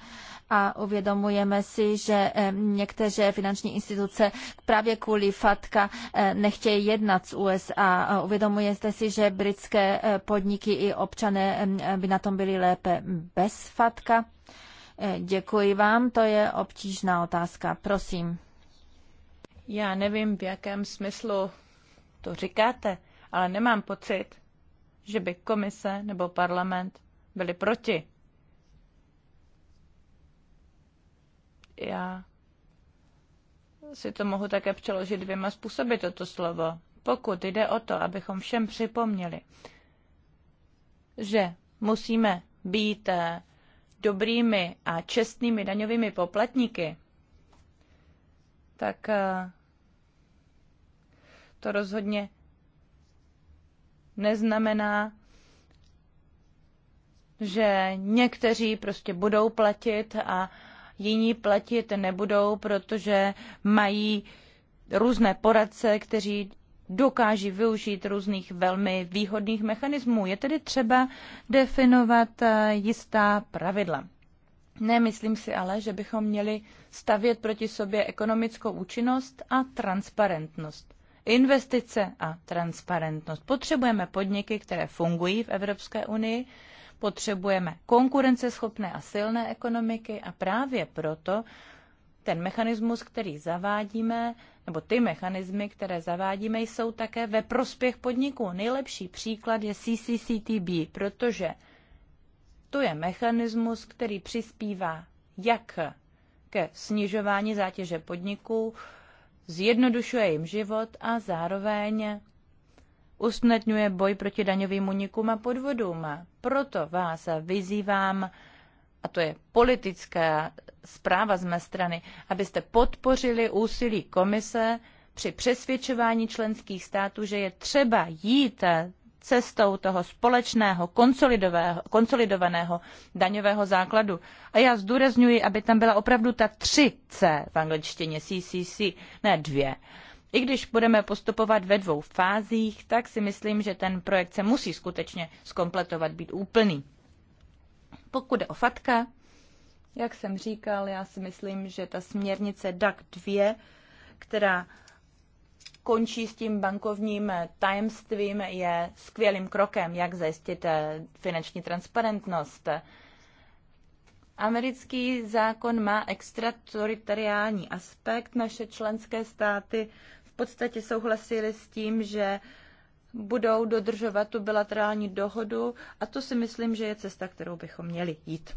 a uvědomujeme si, že eh, některé finanční instituce právě kvůli FATKA eh, nechtějí jednat s USA. Uvědomujete si, že britské eh, podniky i občané by na tom byli lépe bez FATKA? Děkuji vám, to je obtížná otázka. Prosím. Já nevím, v jakém smyslu to říkáte, ale nemám pocit, že by komise nebo parlament byli proti Já si to mohu také přeložit dvěma způsoby, toto slovo. Pokud jde o to, abychom všem připomněli, že musíme být eh, dobrými a čestnými daňovými poplatníky, tak eh, to rozhodně neznamená, že někteří prostě budou platit a jiní platit nebudou, protože mají různé poradce, kteří dokáží využít různých velmi výhodných mechanismů. Je tedy třeba definovat eh, jistá pravidla. Nemyslím si ale, že bychom měli stavět proti sobě ekonomickou účinnost a transparentnost. Investice a transparentnost. Potřebujeme podniky, které fungují v Evropské unii Potřebujeme konkurenceschopné a silné ekonomiky a právě proto ten mechanismus, který zavádíme, nebo ty mechanismy, které zavádíme, jsou také ve prospěch podniků. Nejlepší příklad je CCCTB, protože to je mechanismus, který přispívá jak ke snižování zátěže podniků, zjednodušuje jim život a zároveň usnadňuje boj proti daňovým unikům a podvodům. Proto vás vyzývám, a to je politická zpráva z mé strany, abyste podpořili úsilí komise při přesvědčování členských států, že je třeba jít cestou toho společného konsolidovaného daňového základu. A já zdůrazňuji, aby tam byla opravdu ta tři C v angličtině, CCC, ne dvě. I když budeme postupovat ve dvou fázích, tak si myslím, že ten projekt se musí skutečně skompletovat, být úplný. Pokud jde o FATKA, jak jsem říkal, já si myslím, že ta směrnice DAC 2, která končí s tím bankovním tajemstvím, je skvělým krokem, jak zajistit eh, finanční transparentnost. Americký zákon má extrateritoriální aspekt. Naše členské státy podstatě souhlasili s tím, že budou dodržovat tu bilaterální dohodu a to si myslím, že je cesta, kterou bychom měli jít.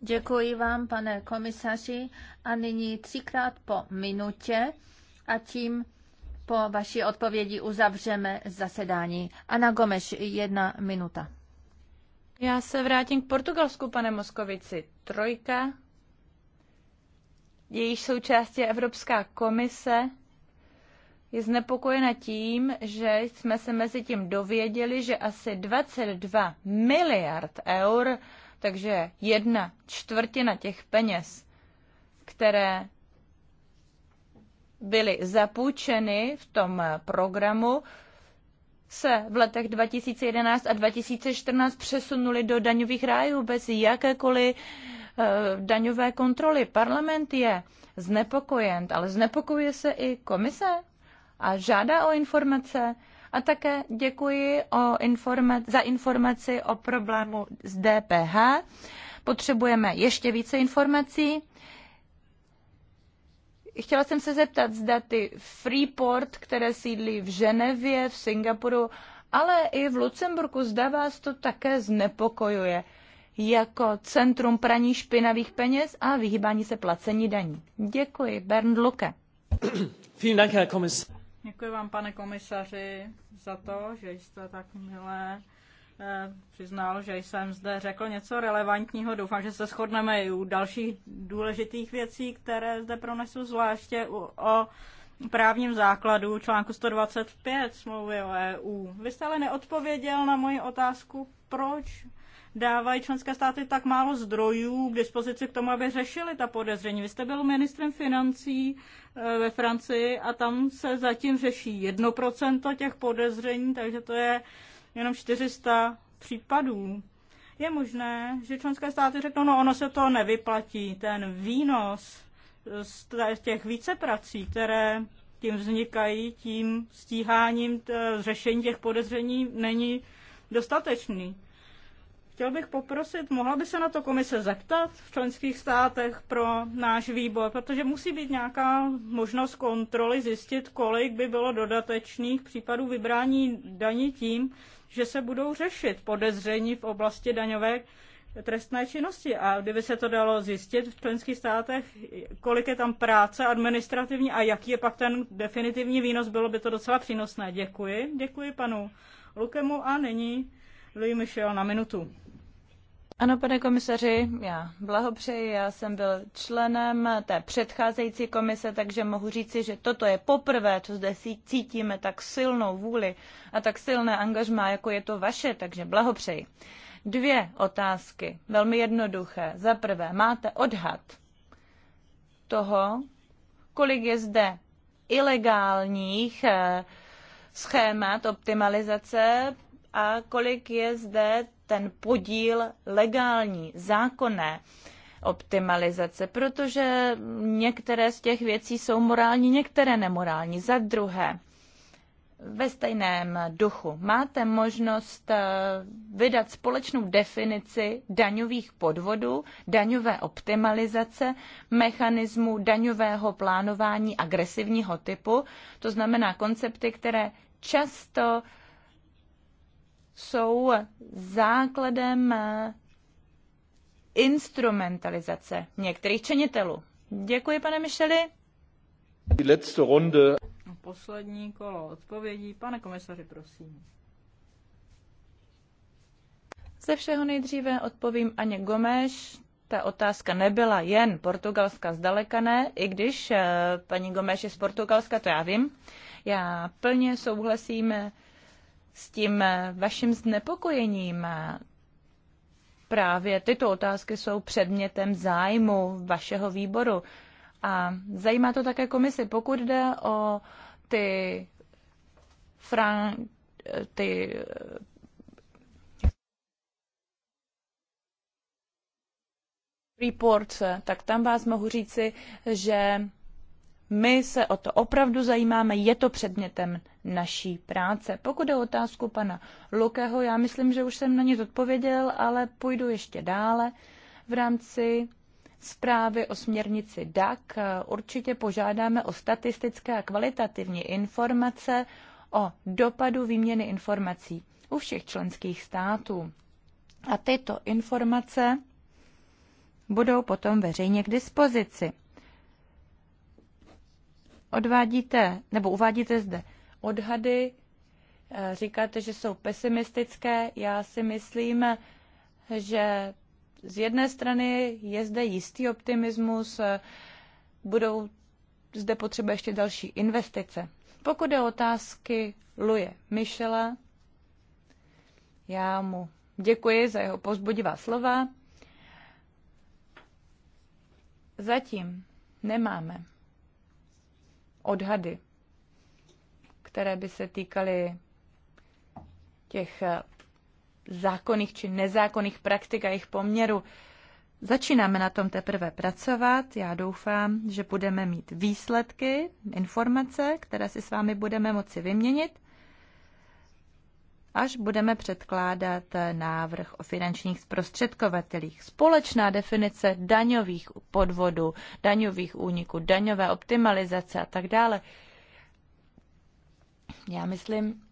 Děkuji vám, pane komisaři. A nyní třikrát po minutě a tím po vaší odpovědi uzavřeme zasedání. Ana Gomeš, jedna minuta. Já se vrátím k Portugalsku, pane Moskovici. Trojka, jejíž součástí je Evropská komise, je znepokojena tím, že jsme se mezi tím dověděli, že asi 22 miliard eur, takže jedna čtvrtina těch peněz, které byly zapůjčeny v tom programu, se v letech 2011 a 2014 přesunuli do daňových rájů bez jakékoliv eh, daňové kontroly. Parlament je znepokojen, ale znepokojuje se i komise? a žádá o informace. A také děkuji o informa- za informaci o problému s DPH. Potřebujeme ještě více informací. Chtěla jsem se zeptat, zda ty Freeport, které sídlí v Ženevě, v Singapuru, ale i v Lucemburku, zda vás to také znepokojuje jako centrum praní špinavých peněz a vyhýbání se placení daní. Děkuji, Bernd Luke. Děkuji vám, pane komisaři, za to, že jste tak milé eh, přiznal, že jsem zde řekl něco relevantního. Doufám, že se shodneme i u dalších důležitých věcí, které zde pronesu, zvláště u, o právním základu článku 125 smlouvy o EU. Vy jste ale neodpověděl na moji otázku, proč dávají členské státy tak málo zdrojů k dispozici k tomu, aby řešili ta podezření. Vy jste byl ministrem financí eh, ve Francii a tam se zatím řeší 1% těch podezření, takže to je jenom 400 případů. Je možné, že členské státy řeknou, no ono se to nevyplatí, ten výnos eh, z těch víceprací, které tím vznikají, tím stíháním, eh, řešení těch podezření není dostatečný. Chtěl bych poprosit, mohla by se na to komise zeptat v členských státech pro náš výbor, protože musí být nějaká možnost kontroly zjistit, kolik by bylo dodatečných případů vybrání daní tím, že se budou řešit podezření v oblasti daňové trestné činnosti. A kdyby se to dalo zjistit v členských státech, kolik je tam práce administrativní a jaký je pak ten definitivní výnos, bylo by to docela přínosné. Děkuji. Děkuji panu Lukemu a nyní Louis Michel na minutu. Ano, pane komisaři, já blahopřeji. Já jsem byl členem té předcházející komise, takže mohu říci, že toto je poprvé, co zde cítíme tak silnou vůli a tak silné angažmá, jako je to vaše, takže blahopřeji. Dvě otázky, velmi jednoduché. Za prvé, máte odhad toho, kolik je zde ilegálních eh, schémat optimalizace a kolik je zde ten podíl legální, zákonné optimalizace, protože některé z těch věcí jsou morální, některé nemorální. Za druhé, ve stejném duchu máte možnost eh, vydat společnou definici daňových podvodů, daňové optimalizace, mechanismu daňového plánování agresivního typu, to znamená koncepty, které často uh, jsou základem eh, instrumentalizace některých činitelů. Děkuji, pane Micheli. Poslední kolo odpovědí. Pane komisaři, prosím. Ze všeho nejdříve odpovím Aně Gomeš. Ta otázka nebyla jen portugalská, zdaleka ne, i když eh, paní Gomeš je z Portugalska, to já vím. Já plně souhlasím eh, s tím vaším znepokojením. Právě tyto otázky jsou předmětem zájmu vašeho výboru. A zajímá to také komisi, pokud jde o ty, fran... ty reports, tak tam vás mohu říci, že my se o to opravdu zajímáme, je to předmětem naší práce. Pokud je o otázku pana Lukeho, já myslím, že už jsem na ně odpověděl, ale půjdu ještě dále. V rámci zprávy o směrnici DAC určitě požádáme o statistické a kvalitativní informace o dopadu výměny informací u všech členských států. A tyto informace budou potom veřejně k dispozici. Odvádíte, nebo uvádíte zde odhady, eh, říkáte, že jsou pesimistické. Já si myslím, že z jedné strany je zde jistý optimismus, eh, budou zde potřeba ještě další investice. Pokud je otázky Luje Michela, já mu děkuji za jeho pozbudivá slova. Zatím nemáme odhady, které by se týkaly těch zákonných či nezákonných praktik a jejich poměru. Začínáme na tom teprve pracovat. Já doufám, že budeme mít výsledky, informace, které si s vámi budeme moci vyměnit až budeme předkládat návrh o finančních zprostředkovatelích. Společná definice daňových podvodů, daňových úniků, daňové optimalizace a tak dále. Já myslím,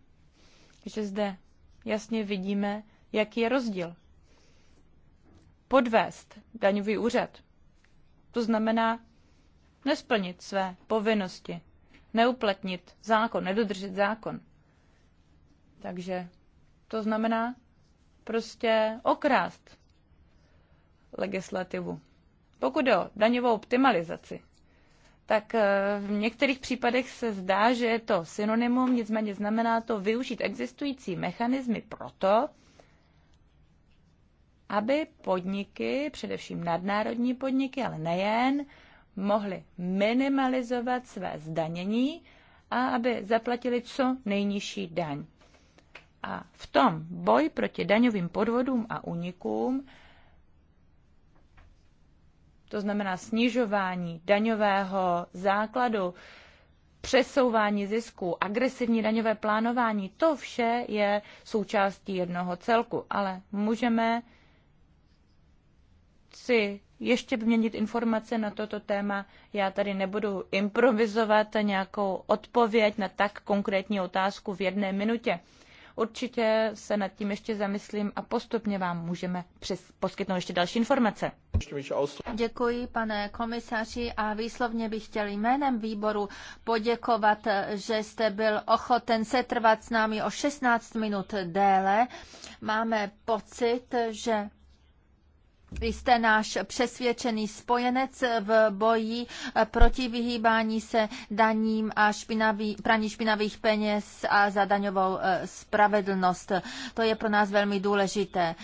že zde jasně vidíme, jaký je rozdíl. Podvést daňový úřad, to znamená nesplnit své povinnosti, neuplatnit zákon, nedodržet zákon. Takže to znamená prostě okrást legislativu. Pokud o daňovou optimalizaci, tak eh, v některých případech se zdá, že je to synonymum, nicméně znamená to využít existující mechanismy proto, aby podniky, především nadnárodní podniky, ale nejen, mohly minimalizovat své zdanění a aby zaplatili co nejnižší daň. A v tom boj proti daňovým podvodům a unikům, to znamená snižování daňového základu, přesouvání zisků, agresivní daňové plánování, to vše je součástí jednoho celku. Ale můžeme si ještě změnit informace na toto téma. Já tady nebudu improvizovat nějakou odpověď na tak konkrétní otázku v jedné minutě. Určitě se nad tím ještě zamyslím a postupně vám můžeme přes, poskytnout ještě další informace. Děkuji, pane komisaři, a výslovně bych chtěl jménem výboru poděkovat, že jste byl ochoten setrvat s námi o 16 minut déle. Máme pocit, že jste náš přesvědčený spojenec v boji eh, proti vyhýbání se daním a špinavý, praní špinavých peněz a za daňovou eh, spravedlnost. To je pro nás velmi důležité.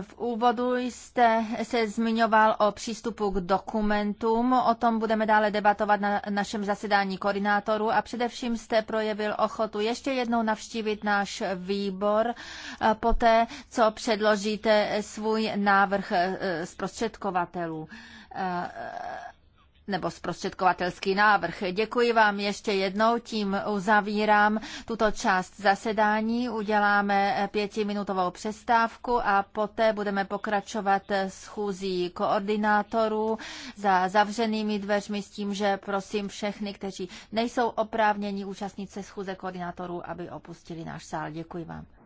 V úvodu jste se zmiňoval o přístupu k dokumentům, o tom budeme dále debatovat na našem zasedání koordinátorů a především jste projevil ochotu ještě jednou navštívit náš výbor poté, co předložíte svůj návrh e, zprostředkovatelů e, nebo zprostředkovatelský návrh. Děkuji vám ještě jednou, tím uzavírám tuto část zasedání. Uděláme pětiminutovou přestávku a poté budeme pokračovat schůzí koordinátorů za zavřenými dveřmi s tím, že prosím všechny, kteří nejsou oprávnění účastnit se schůze koordinátorů, aby opustili náš sál. Děkuji vám.